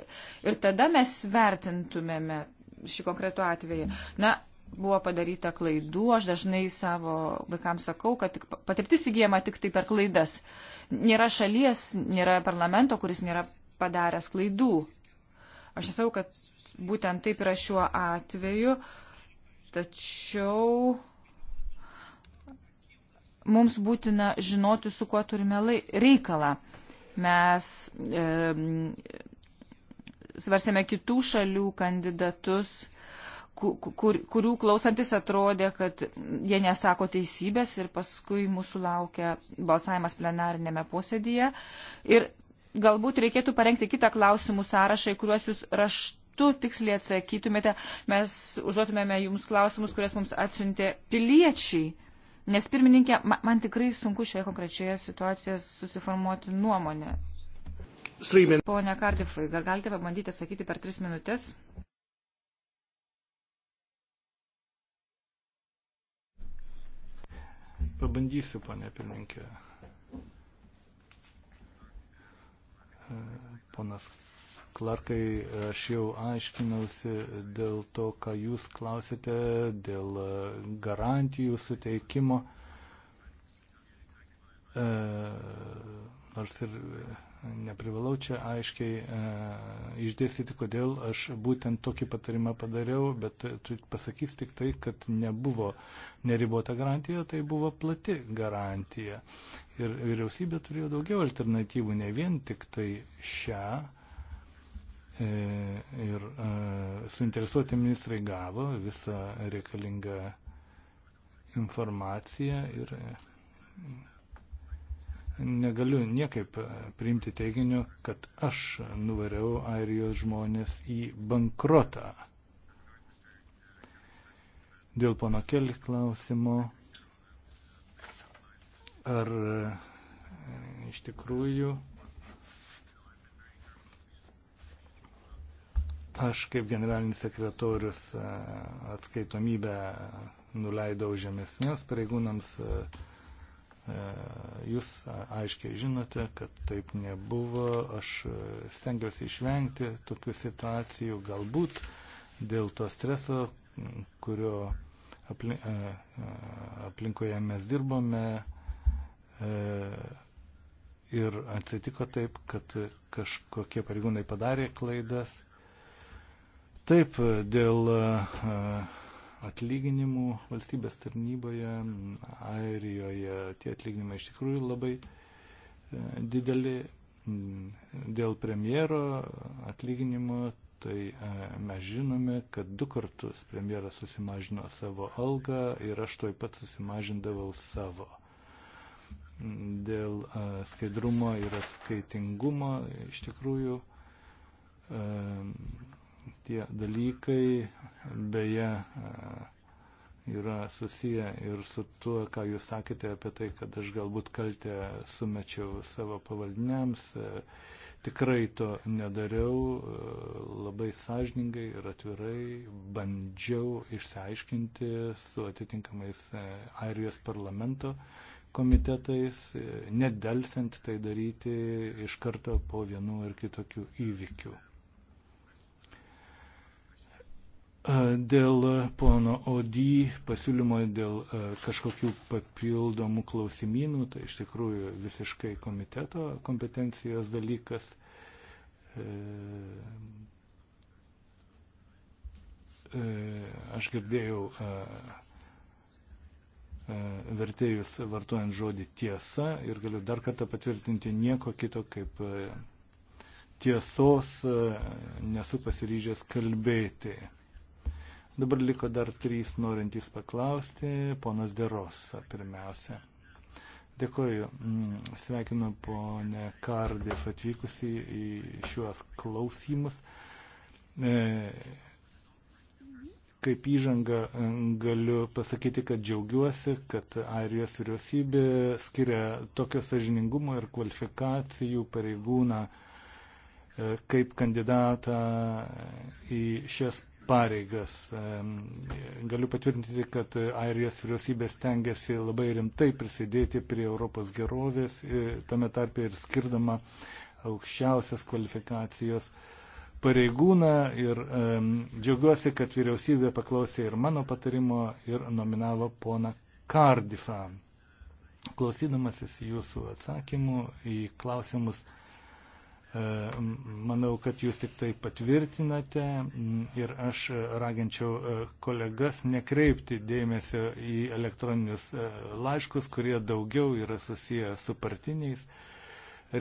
C: ir tada mes vertintumėme šį konkretų atvejį. Na, buvo padaryta klaidų. Aš dažnai savo vaikams sakau, kad tik, patirtis įgyjama tik tai per klaidas. Nėra šalies, nėra parlamento, kuris nėra padaręs klaidų. Aš sakau, kad būtent taip yra šiuo atveju. Tačiau mums būtina žinoti, su kuo turime reikalą. Mes e, svarsėme kitų šalių kandidatus kur, kurių klausantis atrodė, kad jie nesako teisybės ir paskui mūsų laukia balsavimas plenarinėme posėdėje. Ir galbūt reikėtų parengti kitą klausimų sąrašą, į kuriuos jūs raštu tiksliai atsakytumėte. Mes užduotumėme jums klausimus, kurias mums atsiuntė piliečiai. Nes pirmininkė, man tikrai sunku šioje konkrečioje situacijoje susiformuoti nuomonę. Pone Kardifai, gal galite pabandyti sakyti per tris minutės?
A: Pabandysiu, ponė pirminkė. E, ponas Klarkai, aš jau aiškinausi dėl to, ką jūs klausėte, dėl e, garantijų suteikimo. E, nors ir Neprivalau čia aiškiai e, išdėstyti, kodėl aš būtent tokį patarimą padariau, bet tu pasakys tik tai, kad nebuvo neribota garantija, tai buvo plati garantija. Ir vyriausybė turėjo daugiau alternatyvų, ne vien tik tai šią. E, ir e, suinteresuoti ministrai gavo visą reikalingą informaciją ir. E, negaliu niekaip priimti teiginiu, kad aš nuvariau airijos žmonės į bankrotą. Dėl pono Kelly klausimo, ar e, iš tikrųjų aš kaip generalinis sekretorius e, atskaitomybę nuleidau žemesnės pareigūnams. A, e, E, jūs aiškiai žinote, kad taip nebuvo. Aš e, stengiuosi išvengti tokių situacijų, galbūt dėl to streso, kurio e, aplinkoje mes dirbome. Ir atsitiko taip, kad kažkokie pareigūnai padarė klaidas. Taip, dėl uh, atlyginimų valstybės tarnyboje, Airijoje tie atlyginimai iš tikrųjų labai e, dideli. Dėl premjero atlyginimo tai e, mes žinome, kad du kartus premjeras susimažino savo algą ir aš toj pat susimažindavau savo. Dėl e, skaidrumo ir atskaitingumo iš tikrųjų tie dalykai beje e, yra susiję ir su tuo, ką jūs sakėte apie tai, kad aš galbūt kaltę sumečiau savo pavaldiniams. E, tikrai to nedariau, e, labai sąžiningai ir atvirai bandžiau išsiaiškinti su atitinkamais Airijos parlamento komitetais, nedelsiant tai daryti iš karto po vienų ir kitokių įvykių. Dėl pono Odį pasiūlymo dėl kažkokių papildomų klausimynų, tai iš tikrųjų visiškai komiteto kompetencijos dalykas. E, e, aš girdėjau vertėjus vartojant žodį tiesa ir galiu dar kartą patvirtinti nieko kito kaip tiesos nesu pasiryžęs kalbėti. Dabar liko dar trys norintys paklausti. Ponas Derosa pirmiausia. Dėkuoju. Mm, sveikinu ponę Kardės atvykusi į šiuos klausimus. E, kaip įžanga e, galiu pasakyti, kad džiaugiuosi, kad Airijos vyriausybė skiria tokio sažiningumo ir kvalifikacijų pareigūną e, kaip kandidatą į šias pareigas. Galiu patvirtinti, kad Airijos vyriausybės tengiasi labai rimtai prisidėti prie Europos gerovės, e, tame tarpe ir skirdama aukščiausias kvalifikacijos pareigūną ir džiaugiuosi, kad vyriausybė paklausė ir mano patarimo ir nominavo poną Kardifą. Klausydamasis jūsų atsakymų į klausimus, E, manau, kad jūs tik tai patvirtinate ir aš raginčiau e, kolegas nekreipti dėmesio į elektroninius e, laiškus, kurie daugiau yra susiję su partiniais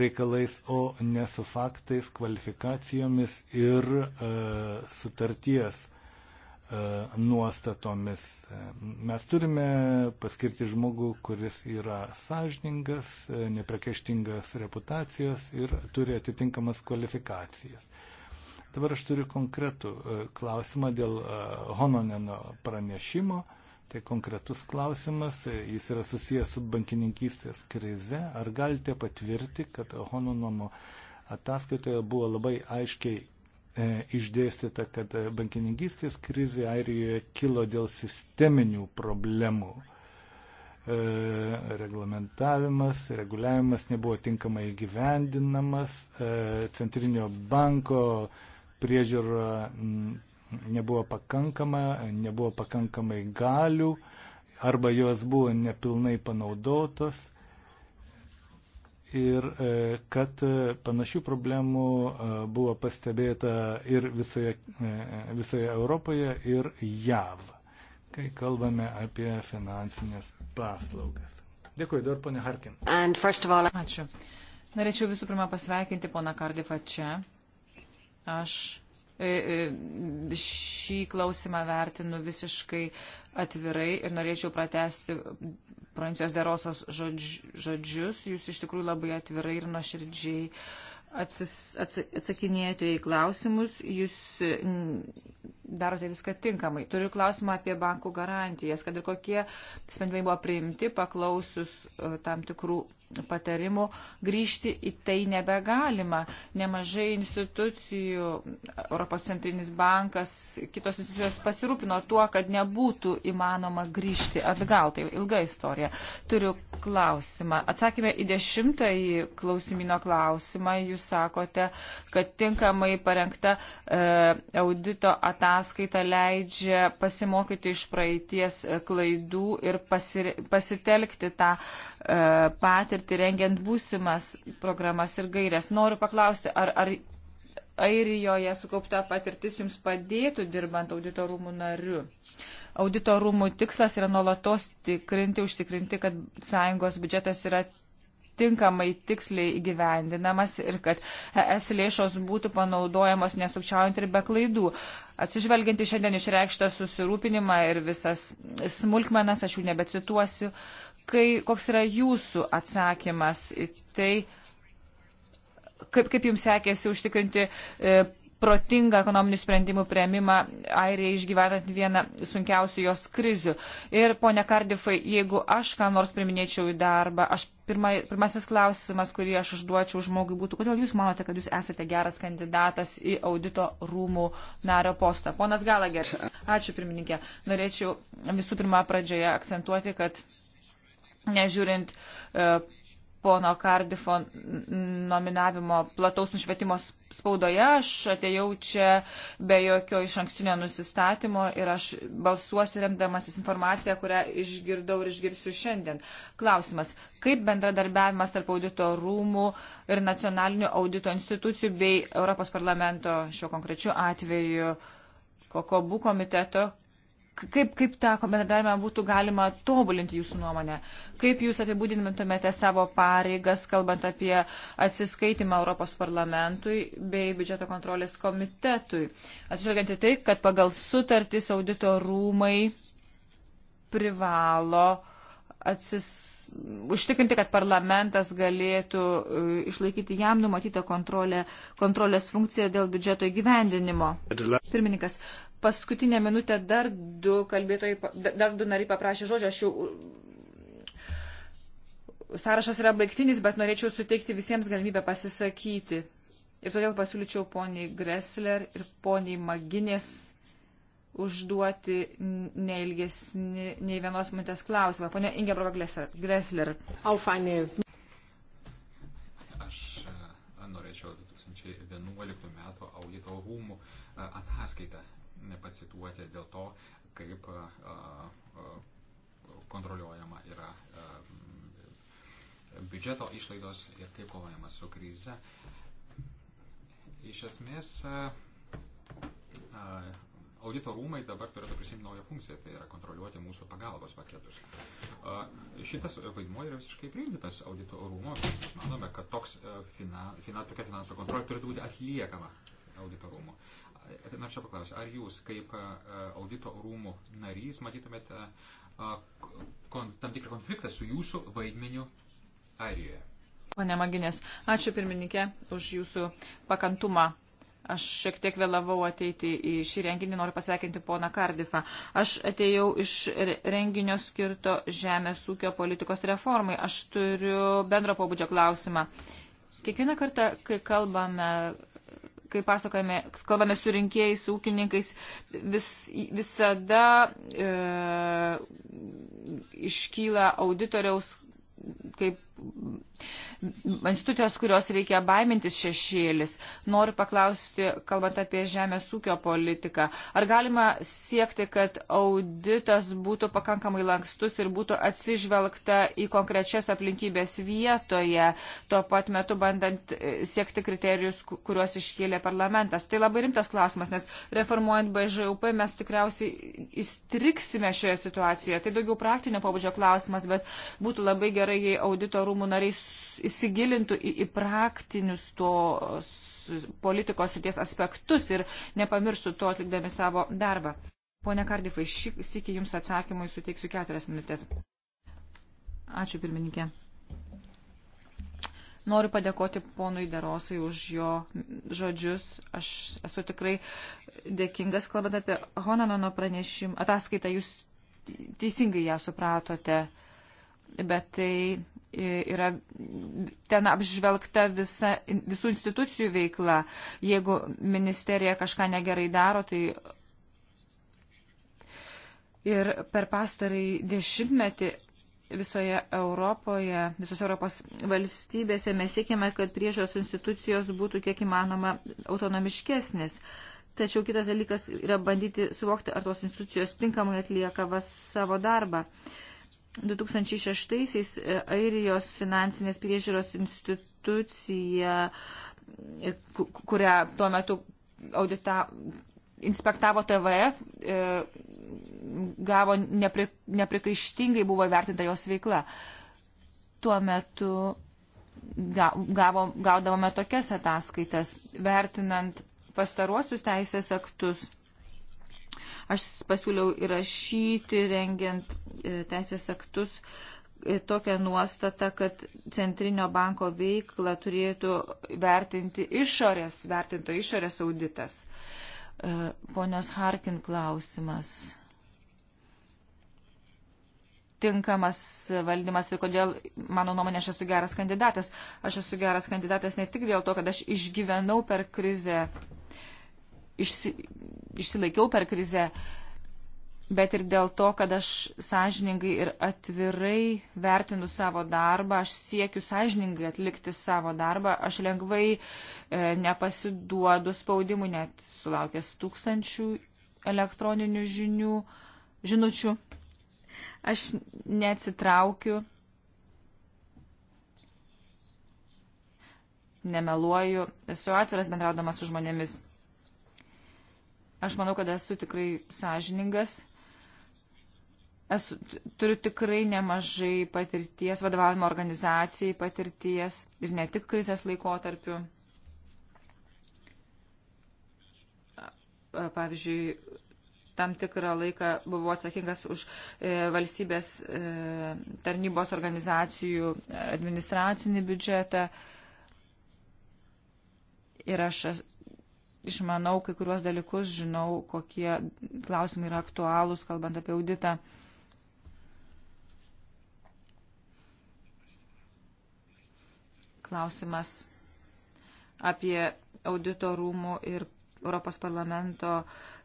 A: reikalais, o ne su faktais, kvalifikacijomis ir sutarties nuostatomis. Mes turime paskirti žmogų, kuris yra sąžiningas, neprekeštingas reputacijos ir turi atitinkamas kvalifikacijas. Dabar aš turiu konkretų e, klausimą dėl e, Hononeno pranešimo. Tai konkretus klausimas, e, jis yra susijęs su bankininkystės krize. Ar galite patvirti, kad Hononeno ataskaitoje buvo labai aiškiai E, išdėstyta, kad bankininkystės krizė Airijoje kilo dėl sisteminių problemų. E, reglamentavimas, reguliavimas nebuvo tinkamai gyvendinamas, e, centrinio banko priežiūra mm, nebuvo pakankama, nebuvo pakankamai galių arba jos buvo nepilnai panaudotos ir e, kad e, panašių problemų e, buvo pastebėta ir visoje, visoje Europoje ir JAV, kai kalbame apie finansinės paslaugas. Dėkui, dar ponė Harkin.
C: All... Ačiū. Norėčiau visų pirma pasveikinti poną Kardifą čia. Aš šį klausimą vertinu visiškai atvirai ir norėčiau pratesti Provincijos Derosos žodž, žodžius, jūs iš tikrųjų labai atvirai ir nuoširdžiai atsis, ats, atsakinėjate į klausimus, jūs m, darote viską tinkamai. Turiu klausimą apie bankų garantijas, kad ir kokie sprendimai buvo priimti, paklausus e, tam tikrų patarimų, grįžti į tai nebegalima. Nemažai institucijų, Europos centrinis bankas, kitos institucijos pasirūpino tuo, kad nebūtų įmanoma grįžti atgal. Tai ilga istorija. Turiu klausimą. Atsakymė į dešimtąjį klausimino klausimą. Jūs sakote, kad tinkamai parengta e, audito ataskaita leidžia pasimokyti iš praeities e, klaidų ir pasir, pasitelkti tą e, patirtį patirtį rengiant būsimas programas ir gairias. Noriu paklausti, ar, ar Airijoje sukaupta patirtis jums padėtų dirbant auditorumų nariu? Auditorumų tikslas yra nuolatos tikrinti, užtikrinti, kad sąjungos biudžetas yra tinkamai tiksliai įgyvendinamas ir kad ES lėšos būtų panaudojamos nesukčiaujant ir be klaidų. Atsižvelgiant į šiandien išreikštą susirūpinimą ir visas smulkmenas, aš jų nebecituosiu, uh, kai, koks yra jūsų atsakymas į tai, kaip, kaip jums sekėsi užtikrinti e, protingą ekonominių sprendimų prieimimą Airijai išgyvenant vieną sunkiausių jos krizių. Ir, ponia Kardifai, jeigu aš ką nors priminėčiau į darbą, aš pirma, pirmasis klausimas, kurį aš užduočiau žmogui būtų, kodėl jūs manote, kad jūs esate geras kandidatas į audito rūmų nario postą. Ponas Galager, ačiū pirmininkė. Norėčiau visų pirma pradžioje akcentuoti, kad nežiūrint e, pono Kardifo nominavimo plataus nušvietimo spaudoje. Aš atėjau čia be jokio iš ankstinio nusistatymo ir aš balsuosiu remdamasis informaciją, kurią išgirdau ir išgirsiu šiandien. Klausimas, kaip bendradarbiavimas tarp audito rūmų ir nacionalinių audito institucijų bei Europos parlamento šiuo konkrečiu atveju kokobu komiteto, kaip, kaip tą bendradarbiavimą būtų galima tobulinti jūsų nuomonę? Kaip jūs apibūdintumėte savo pareigas, kalbant apie atsiskaitimą Europos parlamentui bei biudžeto kontrolės komitetui? Atsižvelgiant į tai, kad pagal sutartis audito rūmai privalo atsis... užtikrinti, kad parlamentas galėtų e, išlaikyti jam numatytą kontrolę, kontrolės funkciją dėl biudžeto įgyvendinimo. Pirmininkas, paskutinę minutę dar du kalbėtojai, dar du nariai paprašė žodžio, aš jau sąrašas yra baigtinis, bet norėčiau suteikti visiems galimybę pasisakyti. Ir todėl pasiūlyčiau poniai Gressler ir poniai Maginės užduoti neilgesnį, nei vienos minutės klausimą. Pone Ingebrova Gressler. Aufanė.
B: Aš e, norėčiau 2011 metų audito rūmų e, ataskaitą pacituoti dėl to, kaip kontroliuojama yra biudžeto išlaidos ir kaip kovojama su krize. Iš esmės, audito rūmai dabar turėtų prisimti naują funkciją, tai yra kontroliuoti mūsų pagalbos paketus. Šitas vaidmuo yra visiškai priimtas audito rūmo. Mes manome, kad toks fina, fina, tokia finansų kontrolė turėtų būti atliekama audito rūmo norėčiau paklausti, ar jūs kaip e, audito rūmų narys matytumėt e, kon, tam tikrą konfliktą su jūsų vaidmeniu Airijoje?
C: Pone Maginės, ačiū pirmininkė už jūsų pakantumą. Aš šiek tiek vėlavau ateiti į šį renginį, noriu pasveikinti poną Kardifą. Aš atėjau iš renginio skirto žemės ūkio politikos reformai. Aš turiu bendro pobūdžio klausimą. Kiekvieną kartą, kai kalbame kai pasakojame, kalbame su rinkėjais, su ūkininkais, vis, visada e, iškyla auditoriaus kaip institucijos, kurios reikia baimintis šešėlis. Noriu paklausti, kalbant apie žemės ūkio politiką, ar galima siekti, kad auditas būtų pakankamai lankstus ir būtų atsižvelgta į konkrečias aplinkybės vietoje, tuo pat metu bandant e, siekti kriterijus, kuriuos iškėlė parlamentas. Tai labai rimtas klausimas, nes reformuojant BŽUP mes tikriausiai įstriksime šioje situacijoje. Tai daugiau praktinio pabudžio klausimas, bet būtų labai gerai, jei audito rūmų nariais įsigilintų į, į praktinius tos politikos sėties aspektus ir nepamirštų to atlikdami savo darbą. Pone Kardifai, šį sėkį Jums atsakymui suteiksiu keturias minutės. Ačiū pirmininkė. Noriu padėkoti ponui Derosui už jo žodžius. Aš esu tikrai dėkingas, kalbant apie Honanono pranešimą. Ataskaitą jūs teisingai ją supratote, bet tai yra ten apžvelgta visa, visų institucijų veikla. Jeigu ministerija kažką negerai daro, tai. Ir per pastarąjį dešimtmetį visoje Europoje, visos Europos valstybėse mes siekime, kad priežios institucijos būtų kiek įmanoma autonomiškesnis. Tačiau kitas dalykas yra bandyti suvokti, ar tos institucijos tinkamai atlieka savo darbą. Uh, 2006-aisiais e, Airijos finansinės priežiūros institucija, e, kurią tuo metu audita, inspektavo TVF, e, gavo nepri, neprikaištingai buvo vertinta jos veikla. Tuo metu gavo, gaudavome tokias ataskaitas, vertinant pastaruosius teisės aktus Aš pasiūliau įrašyti, rengiant e, teisės aktus, e, tokią nuostatą, kad centrinio banko veiklą turėtų vertinti išorės, vertinto išorės auditas. E, ponios Harkin klausimas. Tinkamas valdymas ir kodėl, mano nuomonė, aš esu geras kandidatas. Aš esu geras kandidatas ne tik dėl to, kad aš išgyvenau per krizę išsi, išsilaikiau per krizę, bet ir dėl to, kad aš sąžiningai ir atvirai vertinu savo darbą, aš siekiu sąžiningai atlikti savo darbą, aš lengvai e, nepasiduodu spaudimu, net sulaukęs tūkstančių elektroninių žinių, žinučių. Aš neatsitraukiu, nemeluoju, esu atviras bendraudamas su žmonėmis. Aš manau, kad esu tikrai sąžiningas. Esu, turiu tikrai nemažai patirties, vadovavimo organizacijai patirties ir ne tik krizės laikotarpiu. Pavyzdžiui, tam tikrą laiką buvau atsakingas už e, valstybės e, tarnybos organizacijų administracinį biudžetą. Ir aš išmanau kai kuriuos dalykus, žinau, kokie klausimai yra aktualūs, kalbant apie auditą. Klausimas apie audito rūmų ir Europos parlamento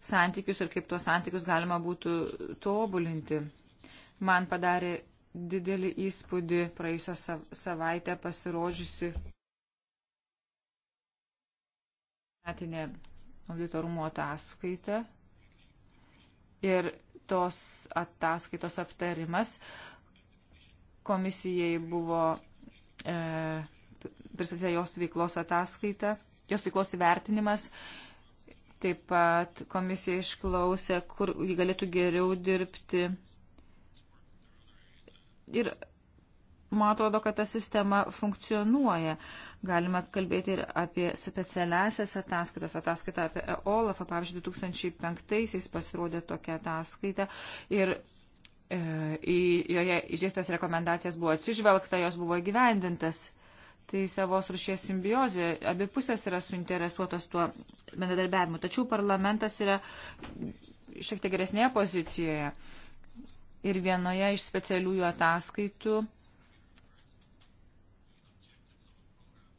C: santykius ir kaip tuos santykius galima būtų tobulinti. Man padarė didelį įspūdį praėjusią savaitę pasirodžiusi metinė auditorumo ataskaita ir tos ataskaitos aptarimas komisijai buvo e, pristatyta jos veiklos ataskaita, jos veiklos įvertinimas. Taip pat komisija išklausė, kur jį galėtų geriau dirbti. Ir man atrodo, kad ta sistema funkcionuoja. E, Galima kalbėti ir apie specialiasias ataskaitas, ataskaitą apie OLAFą. Pavyzdžiui, 2005-aisiais pasirodė tokia ataskaita ir e, į joje išdėstas rekomendacijas buvo atsižvelgta, jos buvo gyvendintas. Tai savos rušies simbiozė, abi pusės yra suinteresuotas tuo bendradarbiavimu, tačiau parlamentas yra šiek tiek geresnėje pozicijoje. Ir vienoje iš specialiųjų ataskaitų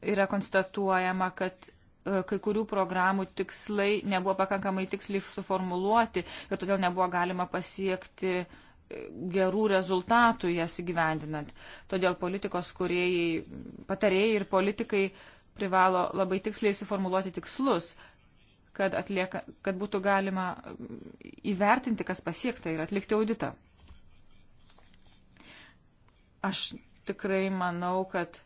C: yra konstatuojama, kad e, kai kurių programų tikslai nebuvo pakankamai tiksliai suformuluoti ir todėl nebuvo galima pasiekti e, gerų rezultatų jas įgyvendinant. Todėl politikos kuriejai, patarėjai ir politikai privalo labai tiksliai suformuluoti tikslus, kad, atlieka, kad būtų galima e, įvertinti, kas pasiekta ir atlikti auditą. Aš tikrai manau, kad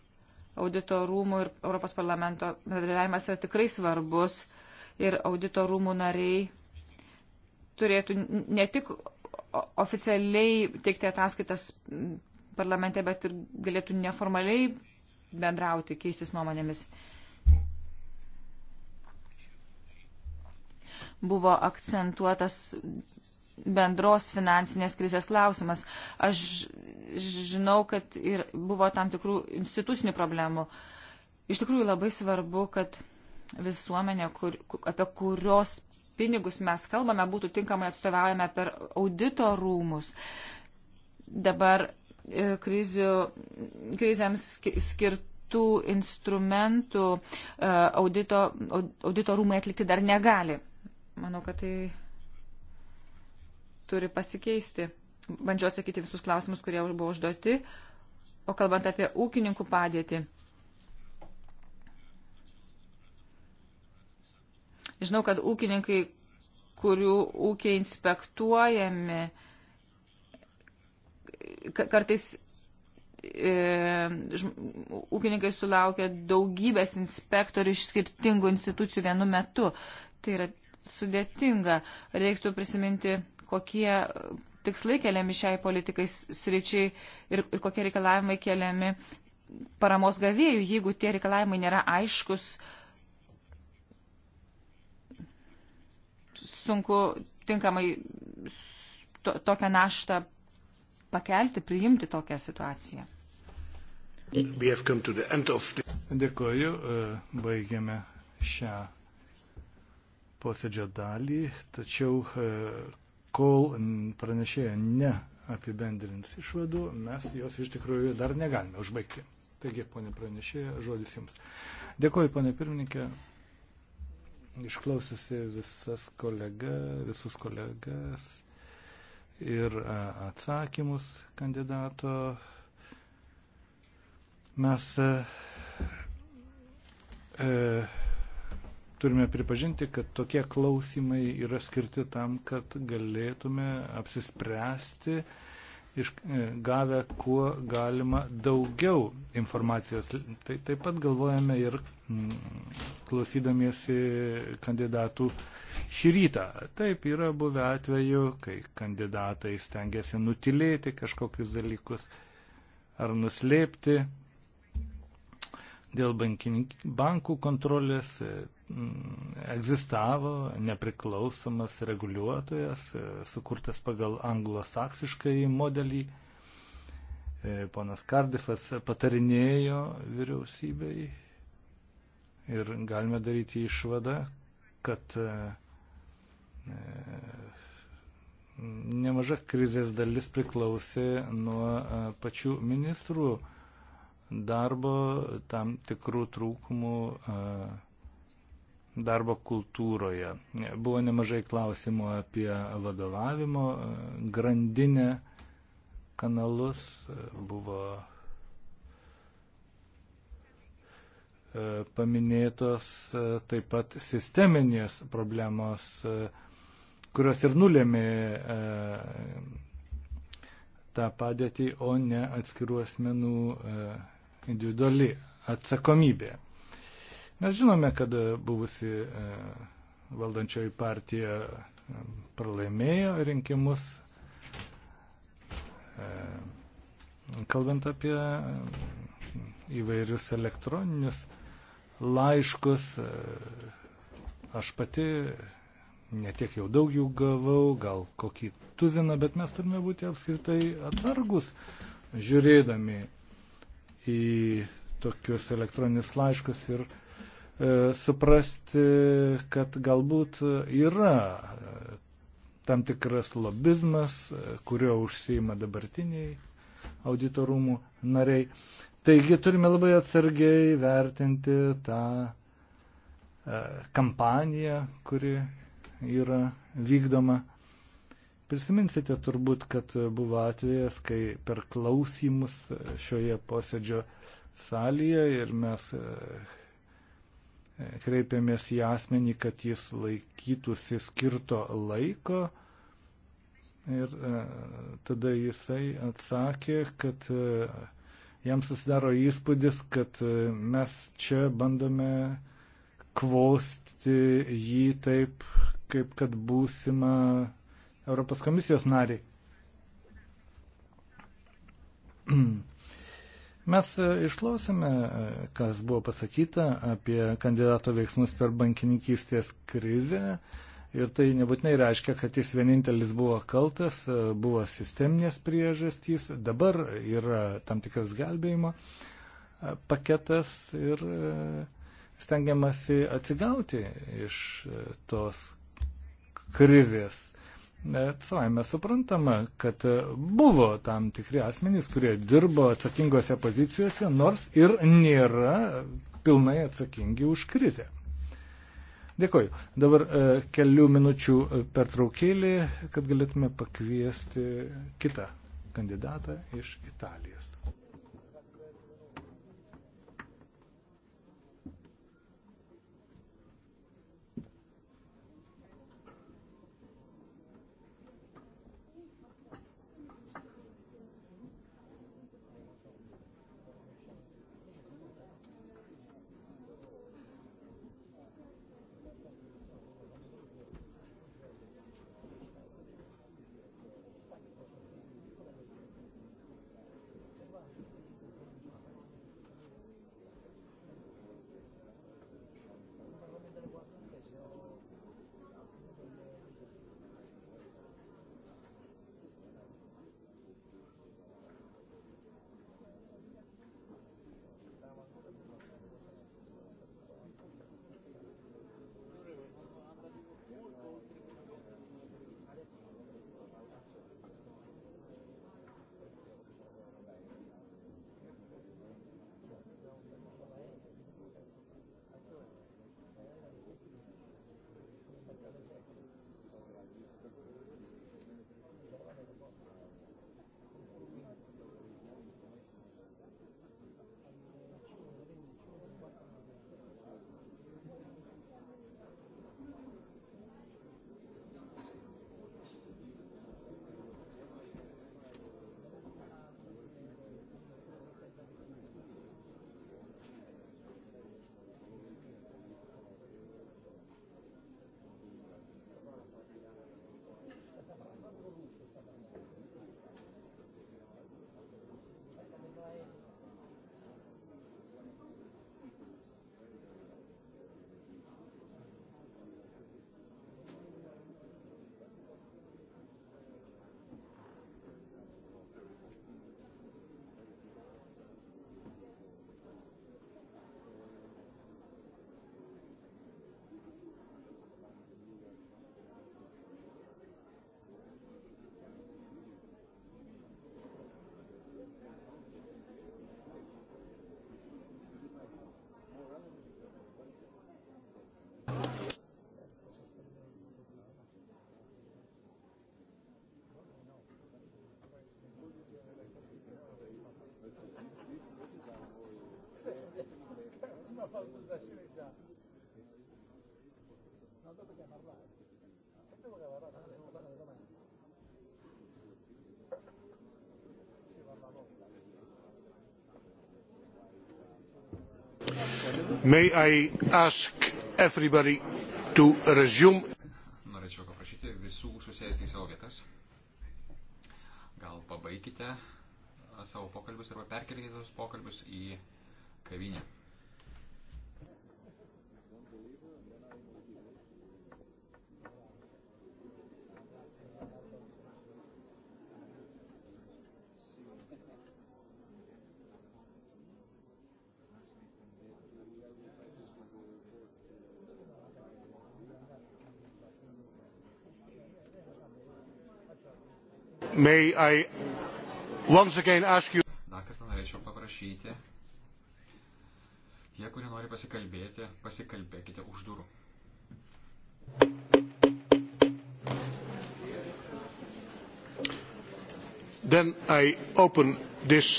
C: auditorumų ir Europos parlamento bendradarbiavimas yra tikrai svarbus ir auditorumų nariai turėtų ne tik oficialiai teikti ataskaitas parlamente, bet ir galėtų neformaliai bendrauti, keistis nuomonėmis. Buvo akcentuotas bendros finansinės krizės klausimas. Aš žinau, kad ir buvo tam tikrų institucinių problemų. Iš tikrųjų labai svarbu, kad visuomenė, kur, apie kurios pinigus mes kalbame, būtų tinkamai atstovaujame per audito rūmus. Dabar e, krizių, krizėms skirtų tų instrumentų e, audito, audito rūmai atlikti dar negali. Manau, kad tai turi pasikeisti. Bandžiau atsakyti visus klausimus, kurie buvo užduoti. O kalbant apie ūkininkų padėtį. Žinau, kad ūkininkai, kurių ūkiai inspektuojami, kartais e, ūkininkai sulaukia daugybės inspektorių iš skirtingų institucijų vienu metu. Tai yra sudėtinga. Reiktų prisiminti kokie tikslai keliami šiai politikai sričiai ir, ir kokie reikalavimai keliami paramos gavėjų, jeigu tie reikalavimai nėra aiškus, sunku tinkamai to, tokią naštą pakelti, priimti tokią situaciją.
A: The... Dėkoju, e, baigiame šią posėdžio dalį, tačiau e, kol pranešėja neapibendrins išvadų, mes jos iš tikrųjų dar negalime užbaigti. Taigi, ponė pranešėja, žodis jums. Dėkuoju, ponė pirmininkė, išklausiusi visas kolega, visus kolegas ir atsakymus kandidato. Mes e, e, turime pripažinti, kad tokie klausimai yra skirti tam, kad galėtume apsispręsti, iš, e, gavę kuo galima daugiau informacijos. Tai taip pat galvojame ir mm, klausydamiesi kandidatų šį rytą. Taip yra buvę atveju, kai kandidatai stengiasi nutilėti kažkokius dalykus ar nuslėpti. Dėl bankų kontrolės Mm, egzistavo nepriklausomas reguliuotojas, e, sukurtas pagal anglosaksiškai modelį. E, ponas Kardifas patarinėjo vyriausybei ir galime daryti išvadą, kad e, nemaža krizės dalis priklausė nuo pačių ministrų darbo tam tikrų trūkumų. A, darbo kultūroje. Buvo nemažai klausimų apie vadovavimo e, grandinę kanalus, e, buvo e, paminėtos taip pat sisteminės problemos, kurios ir nulėmė tą padėtį, o ne atskiruos menų individuali atsakomybė. Mes žinome, kad buvusi e, valdančioji partija e, pralaimėjo rinkimus. E, kalbant apie įvairius elektroninius laiškus, aš pati netiek jau daug jų gavau, gal kokį tuziną, bet mes turime būti apskritai atsargus, žiūrėdami į tokius elektroninius laiškus ir E, suprasti, kad galbūt yra e, tam tikras lobizmas, e, kurio užsieima dabartiniai auditorumų nariai. Taigi turime labai atsargiai vertinti tą kampaniją, kuri yra vykdoma. Prisiminsite turbūt, kad buvo atvejas, kai per klausimus šioje posėdžio salėje ir mes kreipėmės į asmenį, kad jis laikytųsi skirto laiko. Ir e, tada jisai atsakė, kad e, jam susidaro įspūdis, kad e, mes čia bandome kvosti jį taip, kaip kad būsimą Europos komisijos narį. Mes e, išklausėme, e, kas buvo pasakyta apie kandidato veiksmus per bankininkystės krizę. Ir tai nebūtinai reiškia, kad jis vienintelis buvo kaltas, e, buvo sisteminės priežastys, dabar yra tam tikras gelbėjimo paketas ir stengiamasi atsigauti iš tos krizės. Savaime suprantama, kad buvo tam tikri asmenys, kurie dirbo atsakingose pozicijose, nors ir nėra pilnai atsakingi už krizę. Dėkoju. Dabar e, kelių minučių pertraukėlį, kad galėtume pakviesti kitą kandidatą iš Italijos. una pausa scienza.
B: Non dopo chiamarla. Eh.
A: Che devo chiamarla? Non devo parlare domani. Ci
B: parliamo. May
A: I ask everybody to resume?
B: Norėčiau paprašyti visų susėsti į savo vietas. Gal pabaikite uh, savo pokalbius arba perkelkite tos pokalbius į kavinę. May I once
A: again ask you.
B: Dar kartą norėčiau paprašyti. Tie, kurie nori pasikalbėti, pasikalbėkite už durų.
A: Then I open this.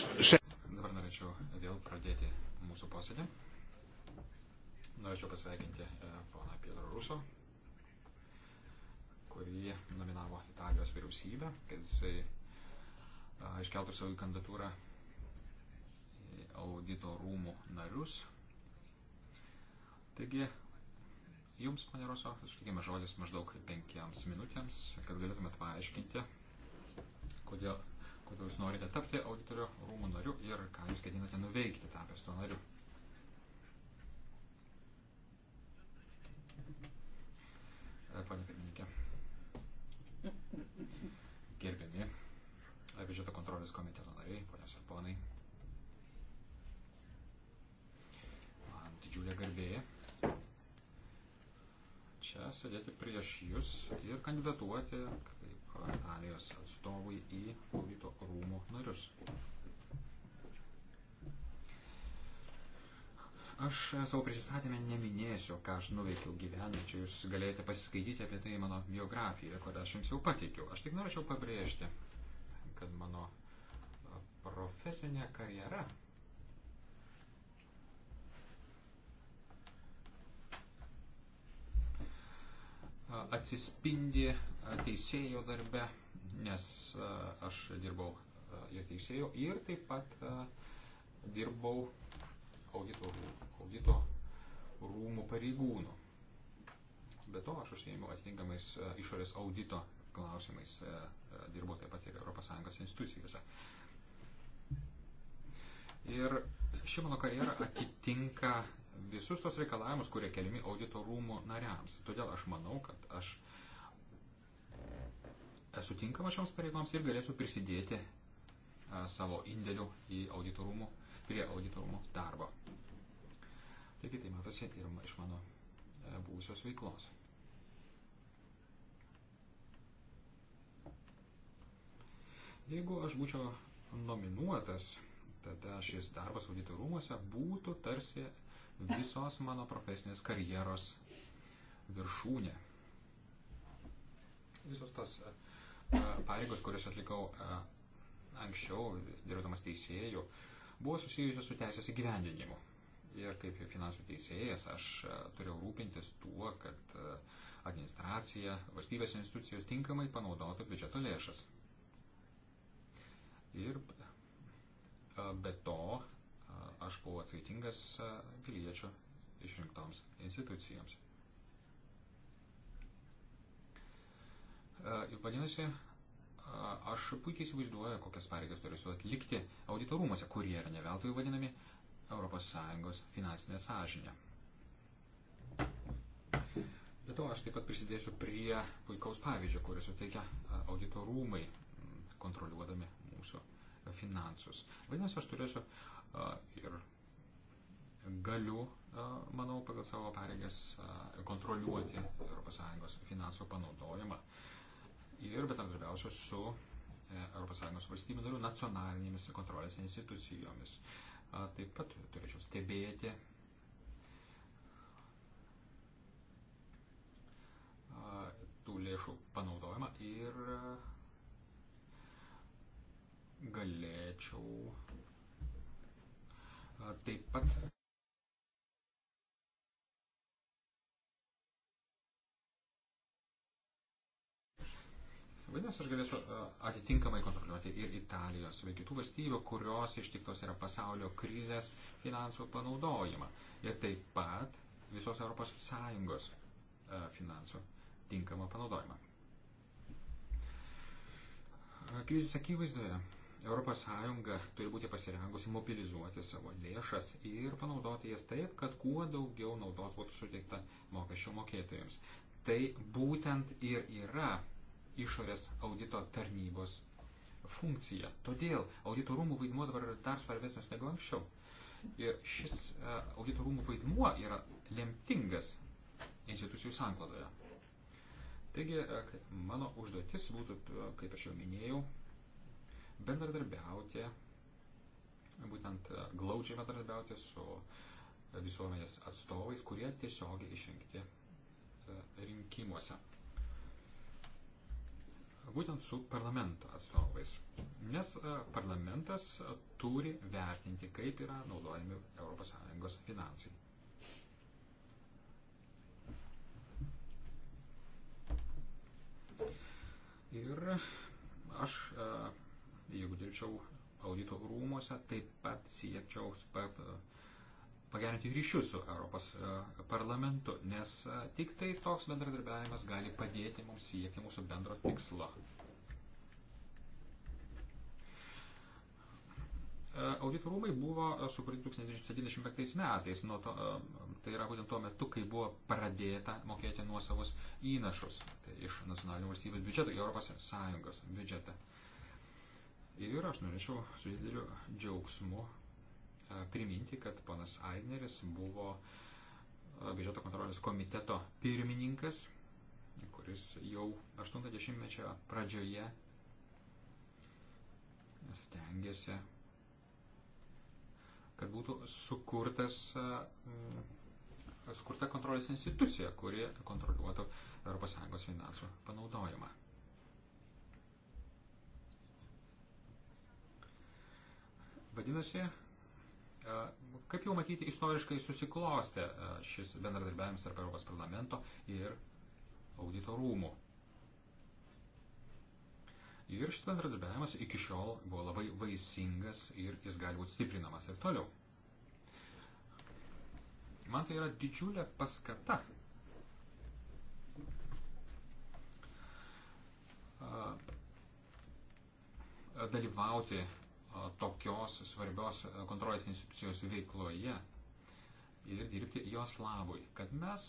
B: įkeltų savo kandidatūrą audito rūmų narius. Taigi, jums, pane Roso, išlikime žodis maždaug penkiams minutėms, kad galėtumėt paaiškinti, kodėl, kodėl jūs norite tapti auditorio rūmų nariu ir ką jūs ketinate nuveikti tapęs to nariu. E, pane pirmininkė. Gerbiami e, biudžeto kontrolės komiteto nariai, ponios ir ponai. Man didžiulė garbė čia sėdėti prieš jūs ir kandidatuoti kaip Italijos atstovui į audito rūmų narius. Aš savo prisistatymę neminėsiu, ką aš nuveikiau gyvenime, čia jūs galėjote pasiskaityti apie tai mano biografiją, kurią aš jums jau pateikiau. Aš tik norėčiau pabrėžti, kad mano profesinė karjera atsispindi teisėjo darbe, nes aš dirbau ir teisėjo ir taip pat dirbau audito, audito rūmų pareigūnų. Be to aš užsiėmiau atitinkamais išorės audito klausimais, dirbau taip pat ir ES institucijose. Ir ši mano karjera atitinka visus tos reikalavimus, kurie keliami audito rūmų nariams. Todėl aš manau, kad aš esu tinkama šioms pareigoms ir galėsiu prisidėti savo indėliu į auditorumų, prie auditorumų darbo. Taigi tai matosi ir iš mano e, buvusios veiklos. Jeigu aš būčiau nominuotas tada šis darbas audito rūmose būtų tarsi visos mano profesinės karjeros viršūnė. Visos tos e, pareigos, kurias atlikau e, anksčiau, dirbdamas teisėjų, buvo susijusios su teisės įgyvendinimu. Ir kaip finansų teisėjas aš e, turėjau rūpintis tuo, kad administracija, valstybės institucijos tinkamai panaudotų biudžeto lėšas. Ir Be to, aš buvau atskaitingas piliečių išrinktoms institucijoms. Vadinasi, aš puikiai įsivaizduoju, kokias pareigas turėsiu atlikti auditorumuose, kurie yra neveltui vadinami ES finansinė sąžinė. Be to, aš taip pat prisidėsiu prie puikaus pavyzdžio, kurį suteikia auditorumai kontroliuodami mūsų uh, finansus. Vadinasi, aš turėsiu ir galiu, manau, pagal savo pareigas kontroliuoti ES finansų panaudojimą ir betandarbiausiu su e, ES valstybių narių nacionalinėmis kontrolės institucijomis. Taip pat turėčiau stebėti tų lėšų panaudojimą ir galėčiau taip pat. Vadinasi, aš galėsiu atitinkamai kontroliuoti ir Italijos bei kitų valstybių, kurios ištiktos yra pasaulio krizės finansų panaudojimą. Ir taip pat visos ES finansų tinkamą panaudojimą. Krizės akivaizdoje ES turi būti pasirengusi mobilizuoti savo lėšas ir panaudoti jas taip, kad kuo daugiau naudos būtų suteikta mokesčio mokėtojams. Tai būtent ir yra išorės audito tarnybos funkcija. Todėl audito rūmų vaidmuo dabar yra dar svarbesnis negu anksčiau. Ir šis e, audito rūmų vaidmuo yra lemtingas institucijų sanklodoje. Taigi, e, mano užduotis būtų, e, kaip aš jau minėjau, bendradarbiauti, būtent e, glaudžiai bendradarbiauti su e, visuomenės atstovais, kurie tiesiogiai išrinkti e, rinkimuose. Būtent su parlamento atstovais. Nes parlamentas turi vertinti, kaip yra naudojami ES finansai. Ir aš jeigu dirbčiau audito rūmose, taip pat siekčiau pagerinti ryšius su Europos e, parlamentu, nes e, tik tai toks bendradarbiavimas gali padėti mums siekti mūsų bendro tikslo. E, Auditų rūmai buvo sukurti 1975 metais, nuo to, tai yra būtent tuo metu, kai buvo pradėta mokėti nuosavus įnašus tai iš nacionalinių valstybių biudžeto į Europos Sąjungos biudžetą. Ir aš norėčiau su dideliu džiaugsmu e, priminti, kad ponas Aigneris buvo e, biudžeto kontrolės komiteto pirmininkas, kuris jau 80-mečio pradžioje stengiasi, kad būtų sukurtas, e, sukurta kontrolės institucija, kuri kontroliuotų ES finansų panaudojimą. Vadinasi, e, kaip jau matyti, istoriškai susiklostė e, šis bendradarbiavimas tarp Europos parlamento ir audito rūmų. Ir šis bendradarbiavimas iki šiol buvo labai vaisingas ir jis gali būti stiprinamas ir toliau. Man tai yra didžiulė paskata. E, dalyvauti tokios svarbios kontrolės institucijos veikloje ir dirbti jos labui, kad mes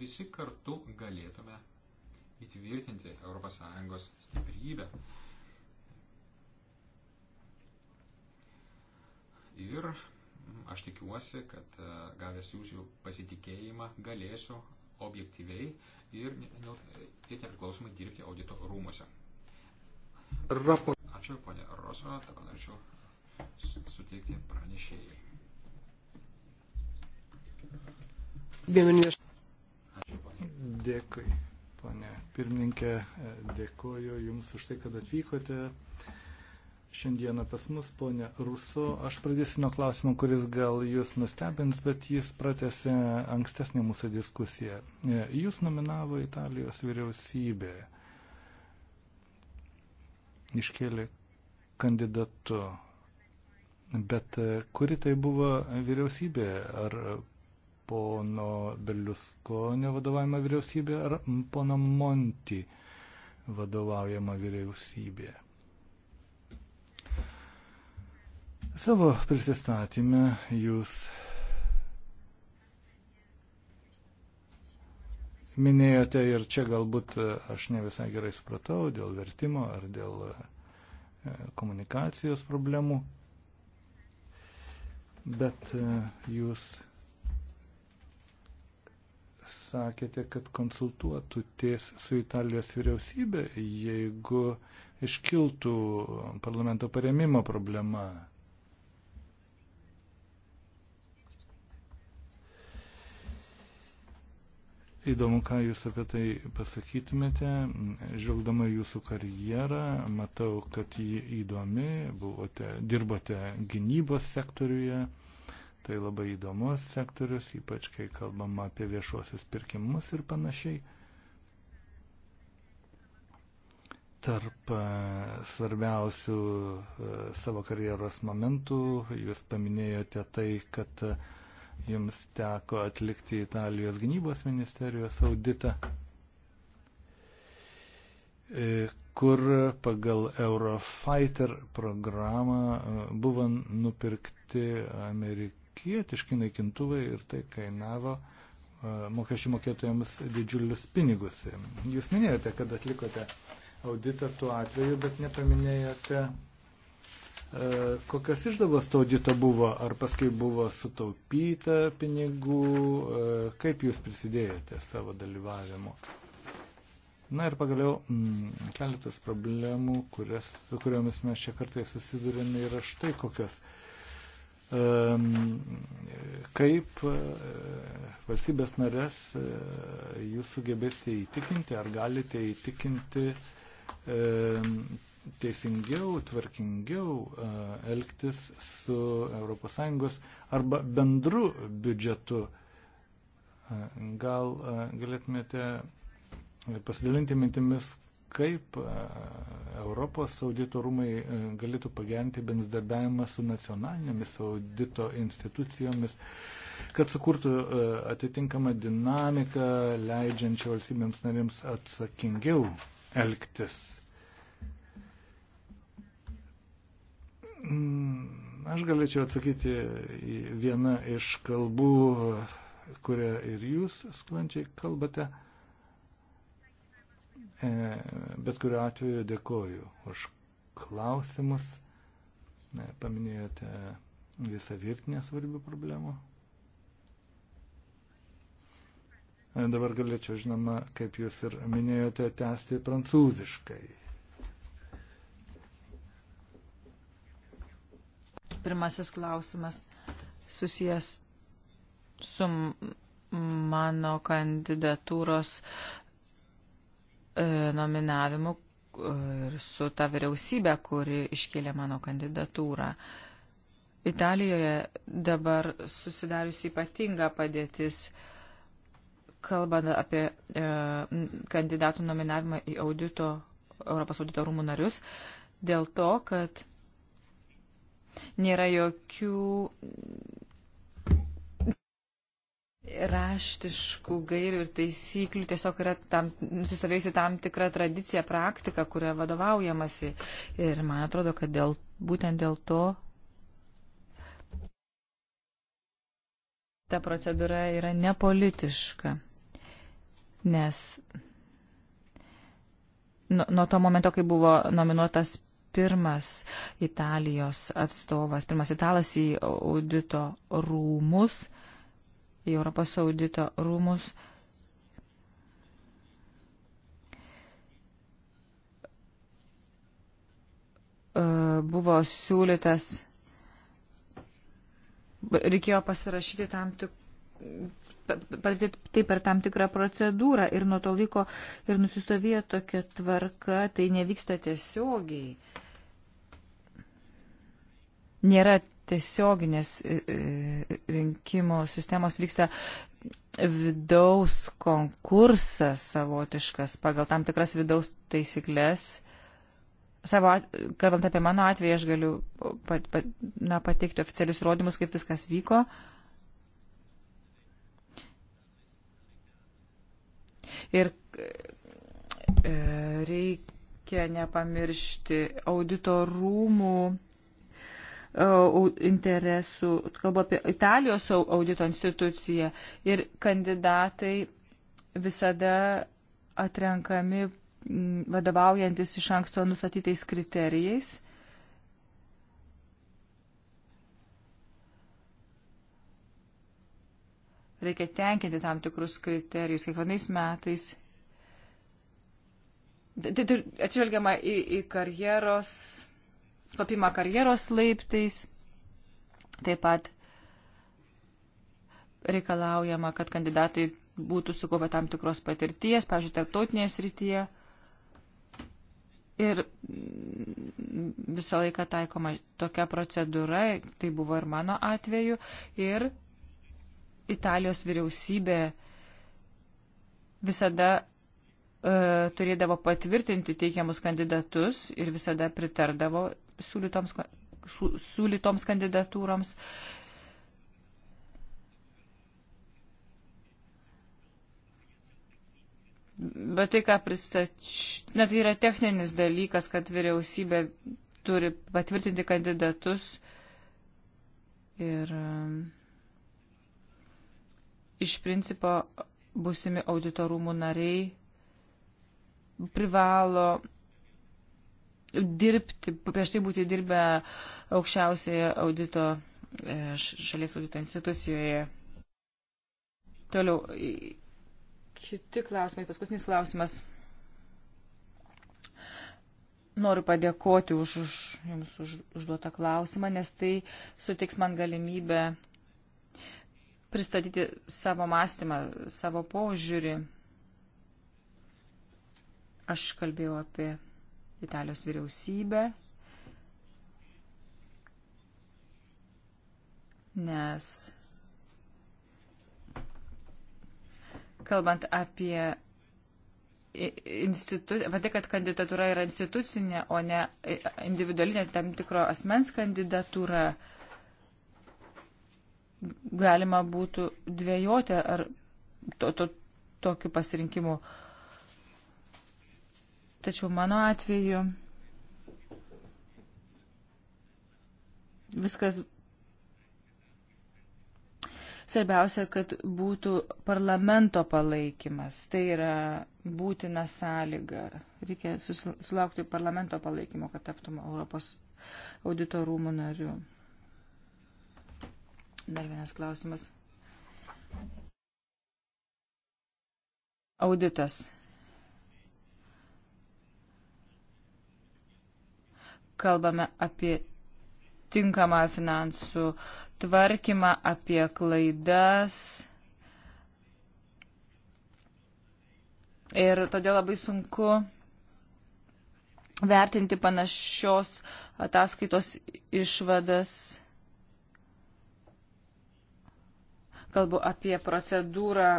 B: visi kartu galėtume įtvirtinti ES stiprybę. Ir mm, aš tikiuosi, kad e, gavęs jūsų pasitikėjimą galėsiu objektyviai ir, nu, e, ir nepriklausomai dirbti audito rūmose. Rapor Ačiū, ponė Rozova, dabar norėčiau suteikti pranešėjai.
A: Bienvenidos. Dėkui, ponė pirmininkė, dėkoju Jums už tai, kad atvykote. Šiandieną pas mus, ponė Ruso, aš pradėsiu nuo klausimo, kuris gal Jūs nustebins, bet jis pratėsi ankstesnį mūsų diskusiją. Jūs nominavo Italijos vyriausybė iškėlė kandidatu. Bet e, kuri tai buvo vyriausybė? Ar pono Berlusconio vadovaujama vyriausybė ar pono Monti vadovaujama vyriausybė? Savo prisistatymę jūs minėjote ir čia galbūt e, aš ne visai gerai supratau dėl vertimo ar dėl e, komunikacijos problemų, bet e, jūs sakėte, kad konsultuotutės su Italijos vyriausybė, jeigu iškiltų parlamento paremimo problema. Įdomu, ką Jūs apie tai pasakytumėte. Žvelgdama Jūsų karjerą, matau, kad ji įdomi, buvote, dirbote gynybos sektoriuje. Tai labai įdomus sektorius, ypač kai kalbama apie viešuosius pirkimus ir panašiai. Tarp e, svarbiausių e, savo karjeros momentų jūs paminėjote tai, kad jums teko atlikti Italijos gynybos ministerijos auditą, e, kur pagal Eurofighter programą e, buvo nupirkti amerikietiški naikintuvai ir tai kainavo e, mokesčių mokėtojams didžiulius pinigus. Jūs minėjote, kad atlikote auditą tuo atveju, bet nepaminėjote E, kokios išdavos to audito buvo, ar paskui buvo sutaupyta pinigų, e, kaip jūs prisidėjote savo dalyvavimu? Na ir pagaliau mm, keletas problemų, kurias, su kuriomis mes čia kartai susidurėme, yra štai kokios. E, kaip valstybės narės jūs sugebėsite įtikinti, ar galite įtikinti teisingiau, tvarkingiau e, elgtis su ES arba bendru biudžetu. E, gal e, galėtumėte pasidalinti mintimis, kaip Europos audito rūmai galėtų pagerinti bendradarbiavimą su nacionalinėmis audito institucijomis, kad sukurtų atitinkamą dinamiką, leidžiančią valstybėms narėms atsakingiau elgtis. Mm, aš galėčiau atsakyti į vieną iš kalbų, kurią ir jūs sklandžiai kalbate. E, bet kuriu atveju dėkoju už klausimus. E, paminėjote visą virtinę svarbių problemų. E, dabar galėčiau, žinoma, kaip jūs ir minėjote, tęsti prancūziškai.
C: Pirmasis klausimas susijęs su mano kandidatūros e, nominavimu e, ir su ta vyriausybė, kuri iškėlė mano kandidatūrą. Italijoje dabar susidariusi ypatinga padėtis, kalbant apie e, kandidatų nominavimą į audito, Europos audito rūmų narius, dėl to, kad Nėra jokių raštiškų gairių ir taisyklių, tiesiog yra tam, nusistovėjusi tam tikra tradicija, praktika, kuria vadovaujamasi. Ir man atrodo, kad dėl, būtent dėl to ta procedūra yra nepolitiška. Nes nuo, nuo to momento, kai buvo nominuotas pirmas Italijos atstovas, pirmas italas į audito rūmus, į Europos audito rūmus. E, buvo siūlytas, reikėjo pasirašyti tam tik tai per tam tikrą procedūrą ir nuo to laiko ir nusistovėjo tokia tvarka, tai nevyksta tiesiogiai nėra tiesioginės e, e, rinkimo sistemos, vyksta vidaus konkursas savotiškas pagal tam tikras vidaus taisyklės. Savo, kalbant apie mano atvejį, aš galiu pat, pat, na, pateikti oficialius rodymus, kaip viskas vyko. Ir e, reikia nepamiršti auditorumų E, interesų, kalbu apie Italijos audito instituciją ir kandidatai visada atrenkami vadovaujantis iš anksto nustatytais kriterijais. Reikia tenkinti tam tikrus kriterijus kiekvienais metais. Tai atsižvelgiama į, į karjeros kopimą karjeros laiptais. Taip pat reikalaujama, kad kandidatai būtų sukaupę tam tikros patirties, pažiūrėjau, tarptautinėje srityje. Ir visą laiką taikoma tokia procedūra, tai buvo ir mano atveju, ir Italijos vyriausybė visada E, turėdavo patvirtinti teikiamus kandidatus ir visada pritardavo siūlytoms, siūlytoms kandidatūroms. Bet tai, ką pristačiau, net tai yra techninis dalykas, kad vyriausybė turi patvirtinti kandidatus ir e, iš principo busimi auditorumų nariai privalo dirbti, prieš tai būti dirbę aukščiausioje audito, e, šalies audito institucijoje. Toliau, kiti klausimai, paskutinis klausimas. Noriu padėkoti už, už Jums už, užduotą klausimą, nes tai sutiks man galimybę pristatyti savo mąstymą, savo požiūrį Aš kalbėjau apie Italijos vyriausybę, nes kalbant apie institu... Pati, kad kandidatūra yra institucinė, o ne individualinė tam tikro asmens kandidatūra, galima būtų dvėjoti ar to, to, tokiu pasirinkimu. Uh, Tačiau mano atveju viskas. Svarbiausia, kad būtų parlamento palaikymas. Tai yra būtina sąlyga. Reikia sulaukti parlamento palaikymo, kad taptum Europos audito rūmų nariu. Dar vienas klausimas. Auditas. kalbame apie tinkamą finansų tvarkymą, apie klaidas. Ir todėl labai sunku vertinti panašios ataskaitos išvadas. Kalbu apie procedūrą,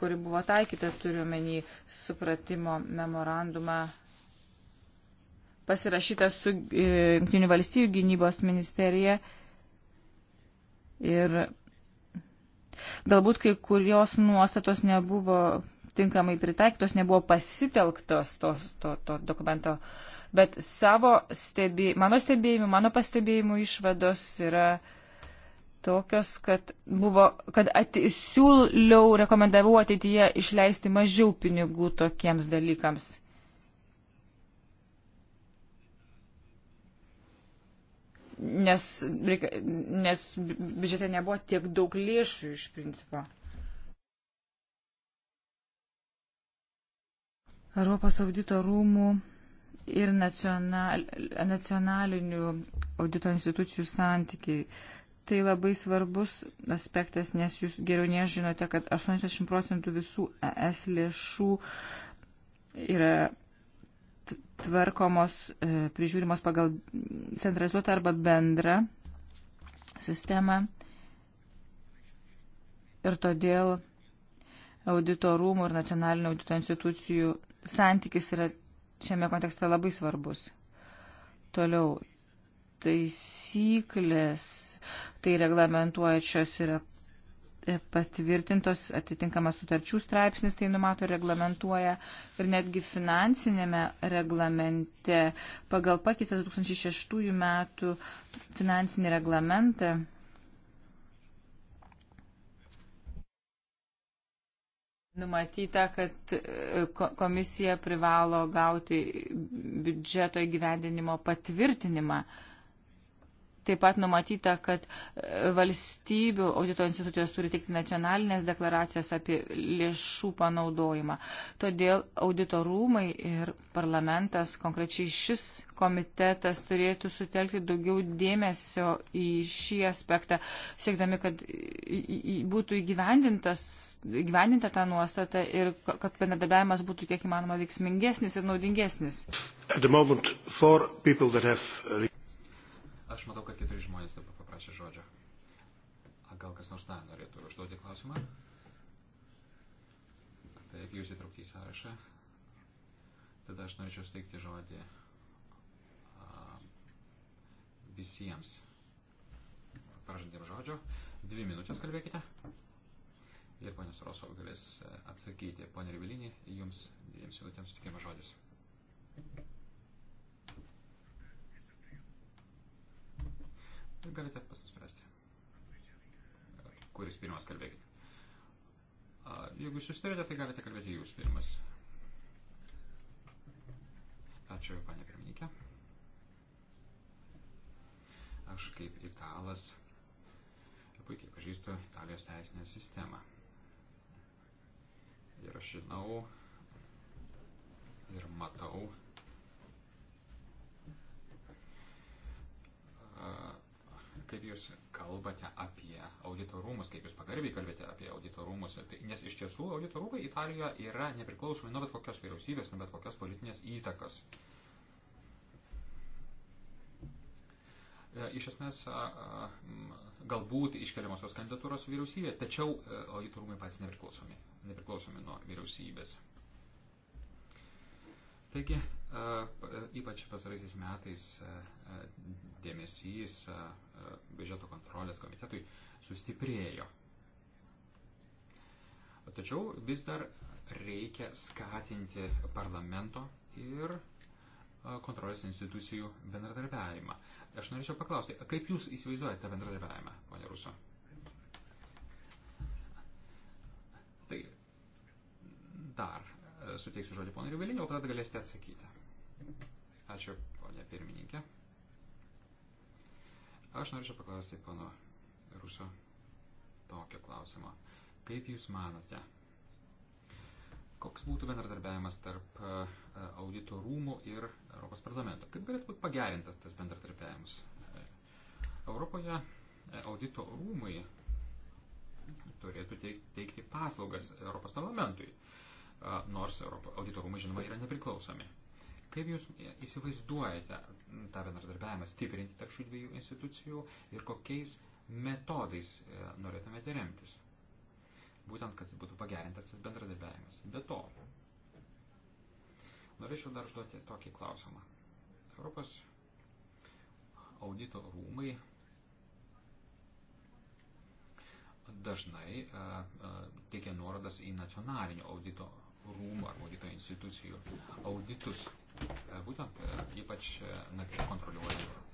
C: kuri buvo taikyta, turiu menį supratimo memorandumą pasirašytas su e, Junktinių valstybių gynybos ministerija. Ir galbūt kai kurios nuostatos nebuvo tinkamai pritaikytos, nebuvo pasitelktos tos, to, to dokumento. Bet savo stebė, mano stebėjimų, mano pastebėjimų išvados yra tokios, kad, buvo, kad ati, siūliau, rekomendavau ateityje išleisti mažiau pinigų tokiems dalykams. nes, nes biudžete nebuvo tiek daug lėšų iš principo. Europos audito rūmų ir nacional, nacionalinių audito institucijų santykiai. Tai labai svarbus aspektas, nes jūs geriau nežinote, kad 80 procentų visų ES lėšų yra tvarkomos, e, prižiūrimos pagal centralizuotą arba bendrą sistemą. Ir todėl audito rūmų ir nacionalinio audito institucijų santykis yra šiame kontekste labai svarbus. Toliau, taisyklės, tai reglamentuojančios yra patvirtintos atitinkamas sutarčių straipsnis, tai numato reglamentuoja ir netgi finansinėme reglamente pagal pakeistą 2006 metų finansinį reglamentą. Numatyta, kad e, komisija privalo gauti biudžeto įgyvendinimo patvirtinimą. Uh, Taip pat numatyta, kad e, valstybių audito institucijos turi teikti nacionalinės deklaracijas apie lėšų panaudojimą. Todėl audito rūmai ir parlamentas, konkrečiai šis komitetas, turėtų sutelkti daugiau dėmesio į šį aspektą, siekdami, kad būtų įgyvendintas gyveninti tą nuostatą ir kad bendradarbiavimas būtų kiek įmanoma veiksmingesnis ir naudingesnis. Have...
B: Aš matau, kad keturi žmonės dabar paprašė žodžio. A, gal kas nors dar norėtų užduoti klausimą? Taip, jūs įtraukti į sąrašą. Tada aš norėčiau steigti žodį a, visiems. Pražadėm žodžio. Dvi minutės kalbėkite. Ir ponas Rosov galės atsakyti. Pone Rivelinį, jums dviems minutėms sutikimas žodis. Galite pasispręsti. Kuris pirmas kalbėkite. Jeigu susitarėte, tai galite kalbėti jūs pirmas. Ačiū, panė pirmininkė. Aš kaip italas puikiai pažįstu Italijos teisinę sistemą. Ir aš žinau ir matau, kaip jūs kalbate apie auditorumus, kaip jūs pagarbiai kalbate apie auditorumus, apie, nes iš tiesų auditorumai Italijoje yra nepriklausomi nuo bet kokios vyriausybės, nuo bet kokios politinės įtakos. E, iš esmės, galbūt iškeliamos tos kandidatūros vyriausybė, tačiau e, auditorumai patys nepriklausomi, nepriklausomi nuo vyriausybės. Taigi, E, ypač pasaraisiais metais e, e, dėmesys biudžeto kontrolės komitetui sustiprėjo. Tačiau vis dar reikia skatinti parlamento ir kontrolės institucijų bendradarbiavimą. Aš norėčiau paklausti, kaip Jūs įsivaizduojate tą bendradarbiavimą, ponė Ruso? Tai dar suteiksiu žodį ponui Rivelinį, o tada galėsite atsakyti. Ačiū, ponė pirmininkė. Aš norėčiau paklausti pono Ruso tokio klausimo. Kaip Jūs manote, koks būtų bendradarbiavimas tarp e, audito rūmų ir Europos parlamento? Kaip galėtų būti pagerintas tas bendradarbiavimas? Europoje e, audito rūmai turėtų teikti paslaugas Europos parlamentui, e, nors Europo audito rūmai, žinoma, yra nepriklausomi. Kaip Jūs įsivaizduojate tą bendradarbiavimą stiprinti tarp šių dviejų institucijų ir kokiais metodais e, norėtumėte remtis? Būtent, kad būtų pagerintas tas bendradarbiavimas. Be to, norėčiau dar užduoti tokį klausimą. Europos audito rūmai dažnai e, e, teikia nuorodas į nacionalinio audito rūmų ar audito institucijų auditus. E, būtent e, ypač e, kontroliuojant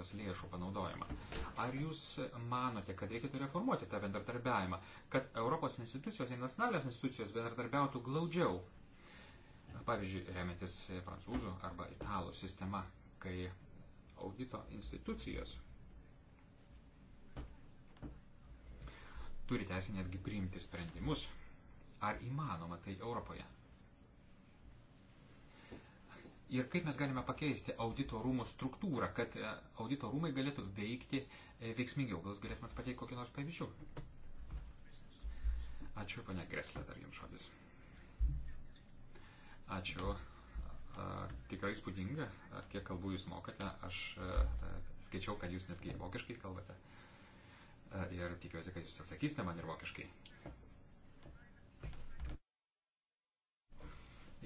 B: ES lėšų panaudojimą. Ar jūs manote, kad reikėtų reformuoti tą bendradarbiavimą, kad Europos institucijos ir nacionalinės institucijos bendradarbiautų glaudžiau? Pavyzdžiui, remiantis prancūzų arba italų sistema, kai audito institucijos turi teisę netgi priimti sprendimus. Ar įmanoma tai Europoje? ir kaip mes galime pakeisti audito rūmų struktūrą, kad e, audito rūmai galėtų veikti e, veiksmingiau. Gal jūs galėtumėt pateikti kokį nors pavyzdžių? Ačiū, pane Greslė, dar jums žodis. Ačiū. A, tikrai spūdinga, kiek kalbų jūs mokate. Aš a, e, skaičiau, kad jūs netgi vokiškai kalbate. A, ir tikiuosi, kad jūs atsakysite man ir vokiškai.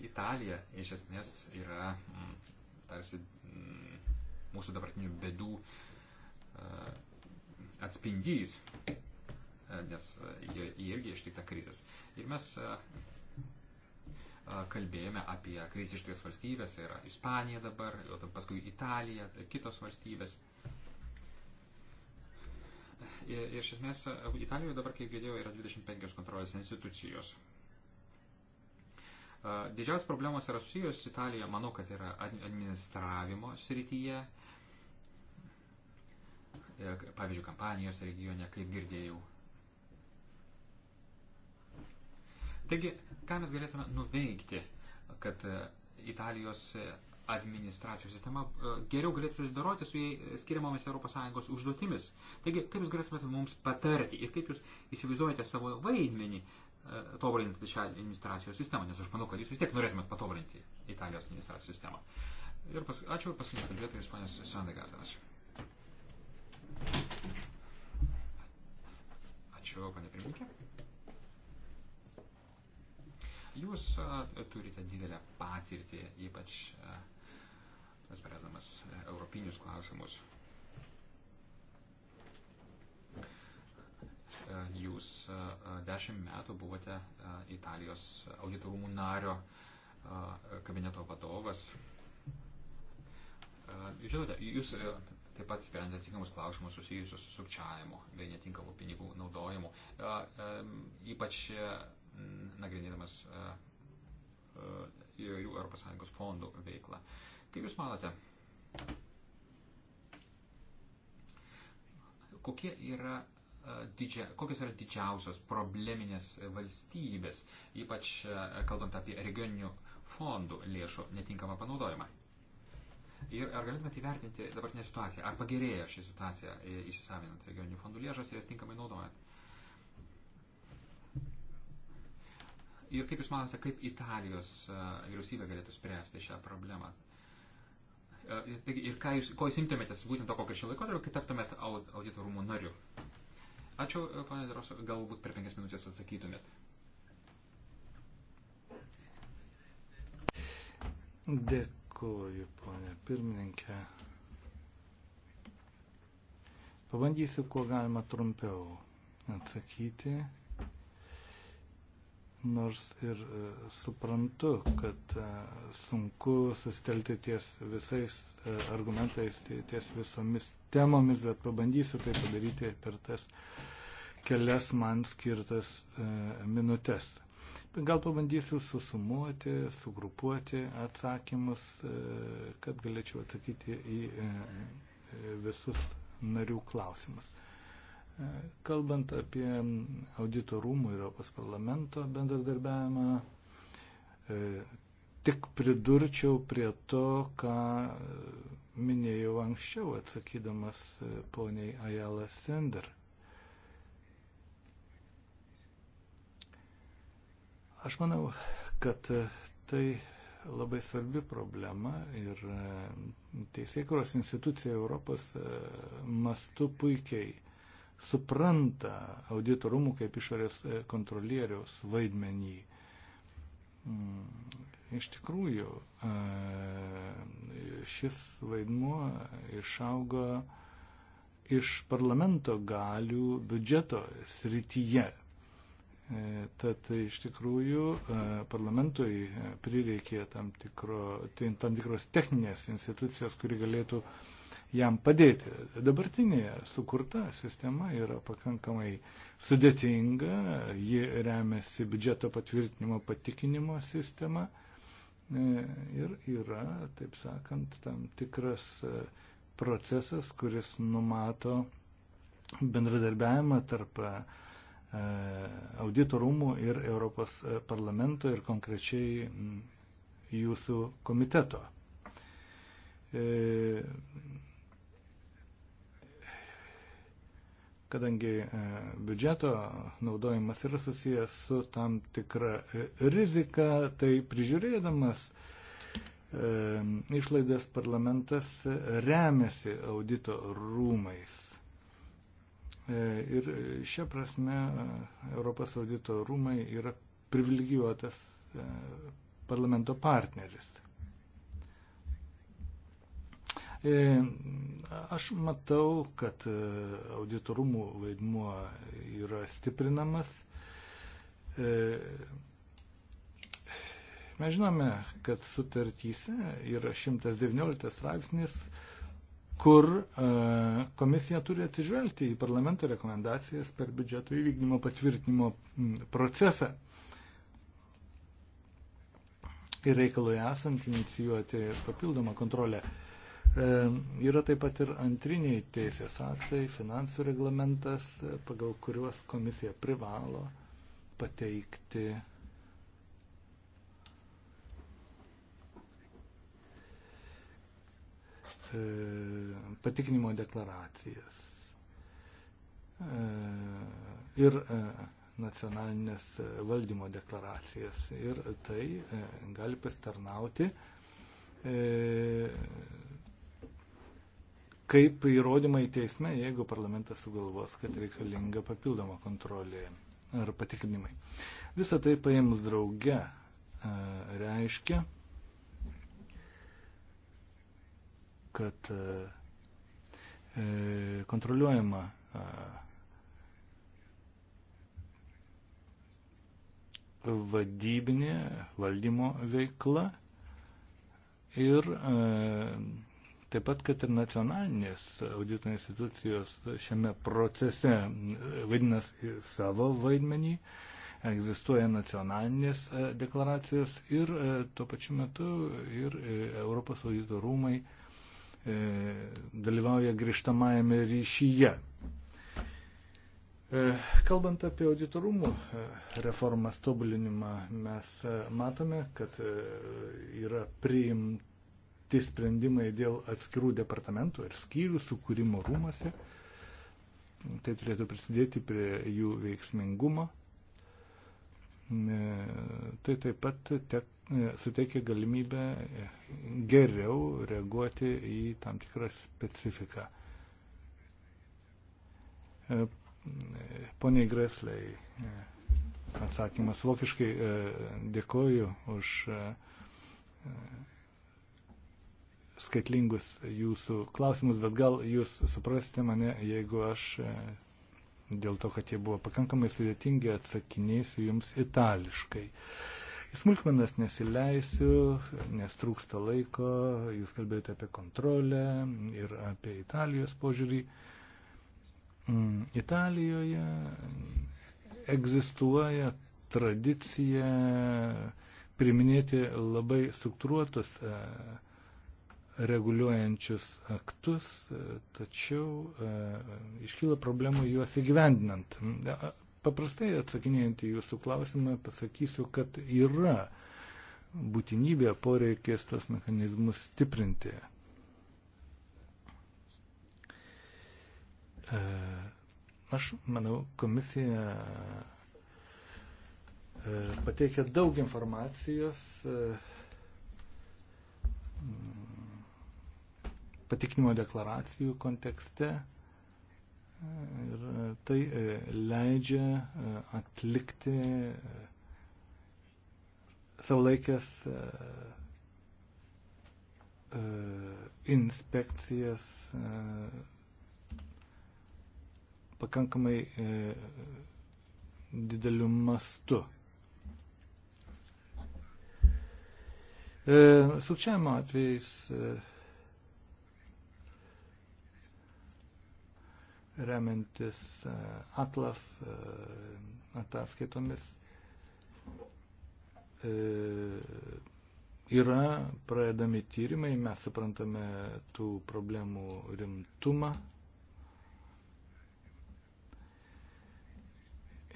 B: Italija iš esmės yra mm, tarsi mm, mūsų dabartinių bėdų e, atspindys, e, nes e, jie, jie irgi ištikta krizės. Ir mes kalbėjome apie kriziškas valstybės, tai yra Ispanija dabar, paskui Italija, tai kitos valstybės. Ir, ir iš esmės Italijoje dabar, kaip girdėjau, yra 25 kontrolės institucijos. Didžiausios problemos yra susijęs su Italija, manau, kad yra administravimo srityje. E, pavyzdžiui, kampanijos regione, kaip girdėjau. Taigi, ką mes galėtume nuveikti, kad e, Italijos administracijos sistema e, geriau galėtų susidoroti su jai skiriamomis ES užduotimis. Taigi, kaip jūs galėtumėte mums patarti ir kaip jūs įsivaizduojate savo vaidmenį E, tobulinti tai šią administracijos sistemą, nes aš manau, kad jūs vis tiek norėtumėt patobulinti Italijos administracijos sistemą. Ir pas, ačiū paskutinis kalbėtojas, panas Sandegardinas. Ačiū, panė pirmininkė. Jūs a, e, turite didelę patirtį, ypač e, spręsdamas europinius klausimus. E, jūs e, dešimt metų buvote e, Italijos auditorumų nario kabineto vadovas. Žinote, jūs taip pat sprendė tinkamus klausimus susijusius su sukčiavimu bei netinkamu pinigų naudojimu, ypač nagrinėdamas įvairių ES fondų veiklą. Kaip Jūs manote, kokie yra E, didžia, kokios yra didžiausios probleminės valstybės, ypač e, kalbant apie regioninių fondų lėšų netinkamą panaudojimą. Ir ar galėtumėte įvertinti dabartinę situaciją, ar pagerėjo ši situacija e, įsisavinant regioninių fondų lėšas ir jas tinkamai naudojant? Ir kaip Jūs manote, kaip Italijos vyriausybė galėtų spręsti šią problemą? Ir ką jūs, ko jūs imtumėtės būtent to konkrečio laikotarpio, kai taptumėt audito rūmų nariu? Ačiū, ponė Dros, galbūt per penkias minutės atsakytumėt.
A: Dėkuoju, ponė pirmininkė. Pabandysiu, kuo galima trumpiau atsakyti nors ir e, suprantu, kad e, sunku sustelti ties visais e, argumentais, ties visomis temomis, bet pabandysiu tai padaryti per tas kelias man skirtas minutės. Gal pabandysiu susumuoti, sugrupuoti atsakymus, kad galėčiau atsakyti į visus narių klausimus. Kalbant apie audito rūmų ir Europos parlamento bendradarbiavimą, e, tik pridurčiau prie to, ką minėjau anksčiau atsakydamas e, poniai Ajala Sender. Aš manau, kad e, tai labai svarbi problema ir teisėkuros institucija Europos mastu puikiai supranta auditorumų kaip išorės e, kontrolieriaus vaidmenį. Mm, iš tikrųjų, e, šis vaidmuo išaugo iš parlamento galių biudžeto srityje. E, tad iš tikrųjų parlamentui prireikė tam, tikro, tai tam tikros techninės institucijos, kuri galėtų uh, jam padėti. Dabartinė sukurta sistema yra pakankamai sudėtinga, ji remiasi biudžeto patvirtinimo patikinimo sistema e, ir yra, taip sakant, tam tikras e, procesas, kuris numato bendradarbiavimą tarp e, audito rūmų ir Europos parlamento ir konkrečiai jūsų komiteto. kadangi e, biudžeto naudojimas yra susijęs su tam tikra e, rizika, tai prižiūrėdamas e, išlaidas parlamentas remiasi audito rūmais. Ir šia prasme Europos audito rūmai yra privilegijuotas parlamento partneris. E, aš matau, kad e, auditorumų vaidmuo yra stiprinamas. E, mes žinome, kad sutartyse yra 119 straipsnis, kur komisija turi atsižvelgti į parlamento rekomendacijas per biudžeto įvykdymo patvirtinimo procesą. Ir reikalui esant inicijuoti papildomą kontrolę. E, yra taip pat ir antriniai teisės aktai, finansų reglamentas, e, pagal kuriuos komisija privalo pateikti e, patikinimo deklaracijas ir nacionalinės valdymo deklaracijas. Ir tai gali pasitarnauti kaip įrodymai teisme, jeigu parlamentas sugalvos, kad reikalinga papildoma kontrolė ar patikrinimai. Visą tai paėmus drauge e, reiškia, kad e, e, kontroliuojama vadybinė valdymo veikla ir Taip pat, kad ir nacionalinės audito institucijos šiame procese vaidina savo vaidmenį, egzistuoja nacionalinės e, deklaracijos ir e, tuo pačiu metu ir e, Europos audito rūmai dalyvauja grįžtamajame ryšyje. Kalbant apie auditorumų reformas tobulinimą, mes matome, kad yra priimta priimti sprendimai dėl atskirų departamentų ir skyrių sukūrimo rūmose. Tai turėtų prisidėti prie jų veiksmingumo. Tai taip pat te, e, suteikia galimybę geriau reaguoti į tam tikrą specifiką. E, poniai Greslei, e, atsakymas vokiškai dėkoju už skaitlingus jūsų klausimus, bet gal jūs suprasite mane, jeigu aš e, dėl to, kad jie buvo pakankamai sudėtingi, atsakinėsiu jums itališkai. Į smulkmenas nesileisiu, nes trūksta laiko, jūs kalbėjote apie kontrolę ir apie Italijos požiūrį. Mm, Italijoje egzistuoja tradicija priminėti labai struktūruotus e, reguliuojančius aktus, tačiau e, iškyla problemų juos įgyvendinant. E, paprastai atsakinėjant į jūsų klausimą pasakysiu, kad yra būtinybė poreikės tos mechanizmus stiprinti. E, aš manau, komisija pateikia daug informacijos. E, patikinimo deklaracijų kontekste. Ir e, tai e, leidžia e, atlikti savalaikės inspekcijas pakankamai dideliu mastu. Sukčiavimo atvejais remiantis e, ATLAF e, ataskaitomis, e, yra pradedami tyrimai, mes suprantame tų problemų rimtumą.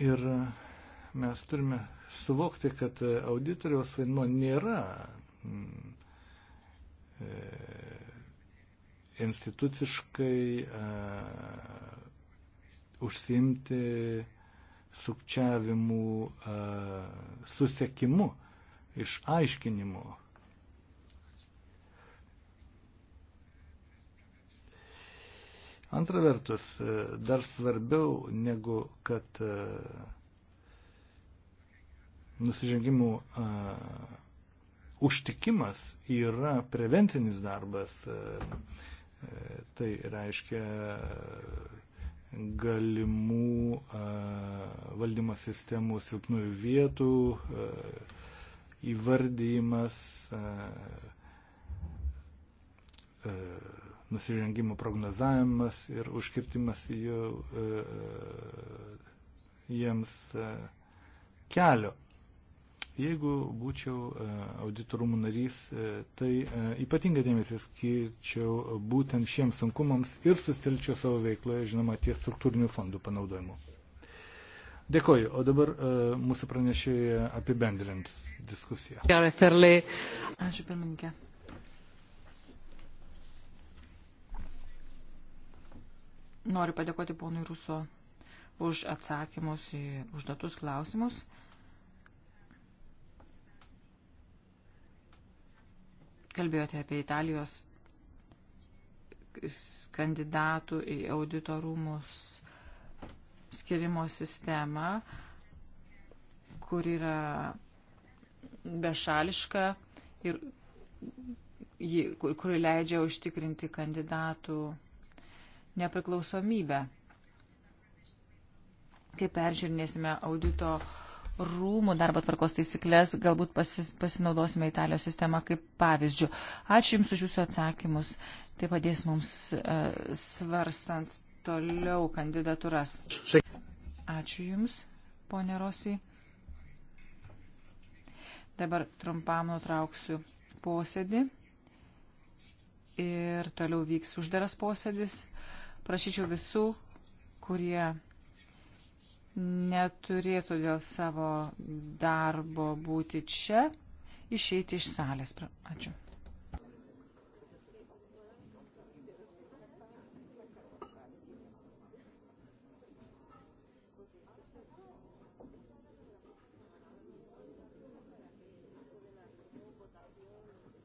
A: Ir mes turime suvokti, kad auditoriaus vaidmo nėra mm, instituciškai e, užsimti sukčiavimų e, susiekimu, išaiškinimu. Antra vertus, e, dar svarbiau negu kad e, nusižengimų e, užtikimas yra prevencinis darbas. E, Tai reiškia galimų valdymo sistemų silpnųjų vietų įvardyjimas, nusižengimų prognozavimas ir užkirtimas jų, jiems kelio. Jeigu būčiau e, auditorumų narys, e, tai e, ypatingai dėmesį skirčiau būtent šiems sunkumams ir sustelčiau savo veikloje, žinoma, ties struktūrinių fondų panaudojimu. Dėkoju, o dabar mūsų pranešėja apibendrins diskusiją.
C: Ačiū, pirmininkė. Noriu padėkoti ponui Ruso už atsakymus į užduotus klausimus. Kalbėjote apie Italijos kandidatų į auditorumus skirimo sistemą, kur yra bešališka ir kur, kur leidžia užtikrinti kandidatų nepriklausomybę. Kai peržiūrinėsime audito uh, rūmų darbo tvarkos taisyklės, galbūt pasis, pasinaudosime Italijos sistemą kaip pavyzdžių. Ačiū Jums už Jūsų atsakymus. Tai padės mums uh, svarstant toliau kandidatūras. Ačiū Jums, ponė Rosijai. Dabar trumpam nutrauksiu posėdį ir toliau vyks uždaras posėdis. Prašyčiau visų, kurie neturėtų dėl savo darbo būti čia, išeiti iš salės. Ačiū.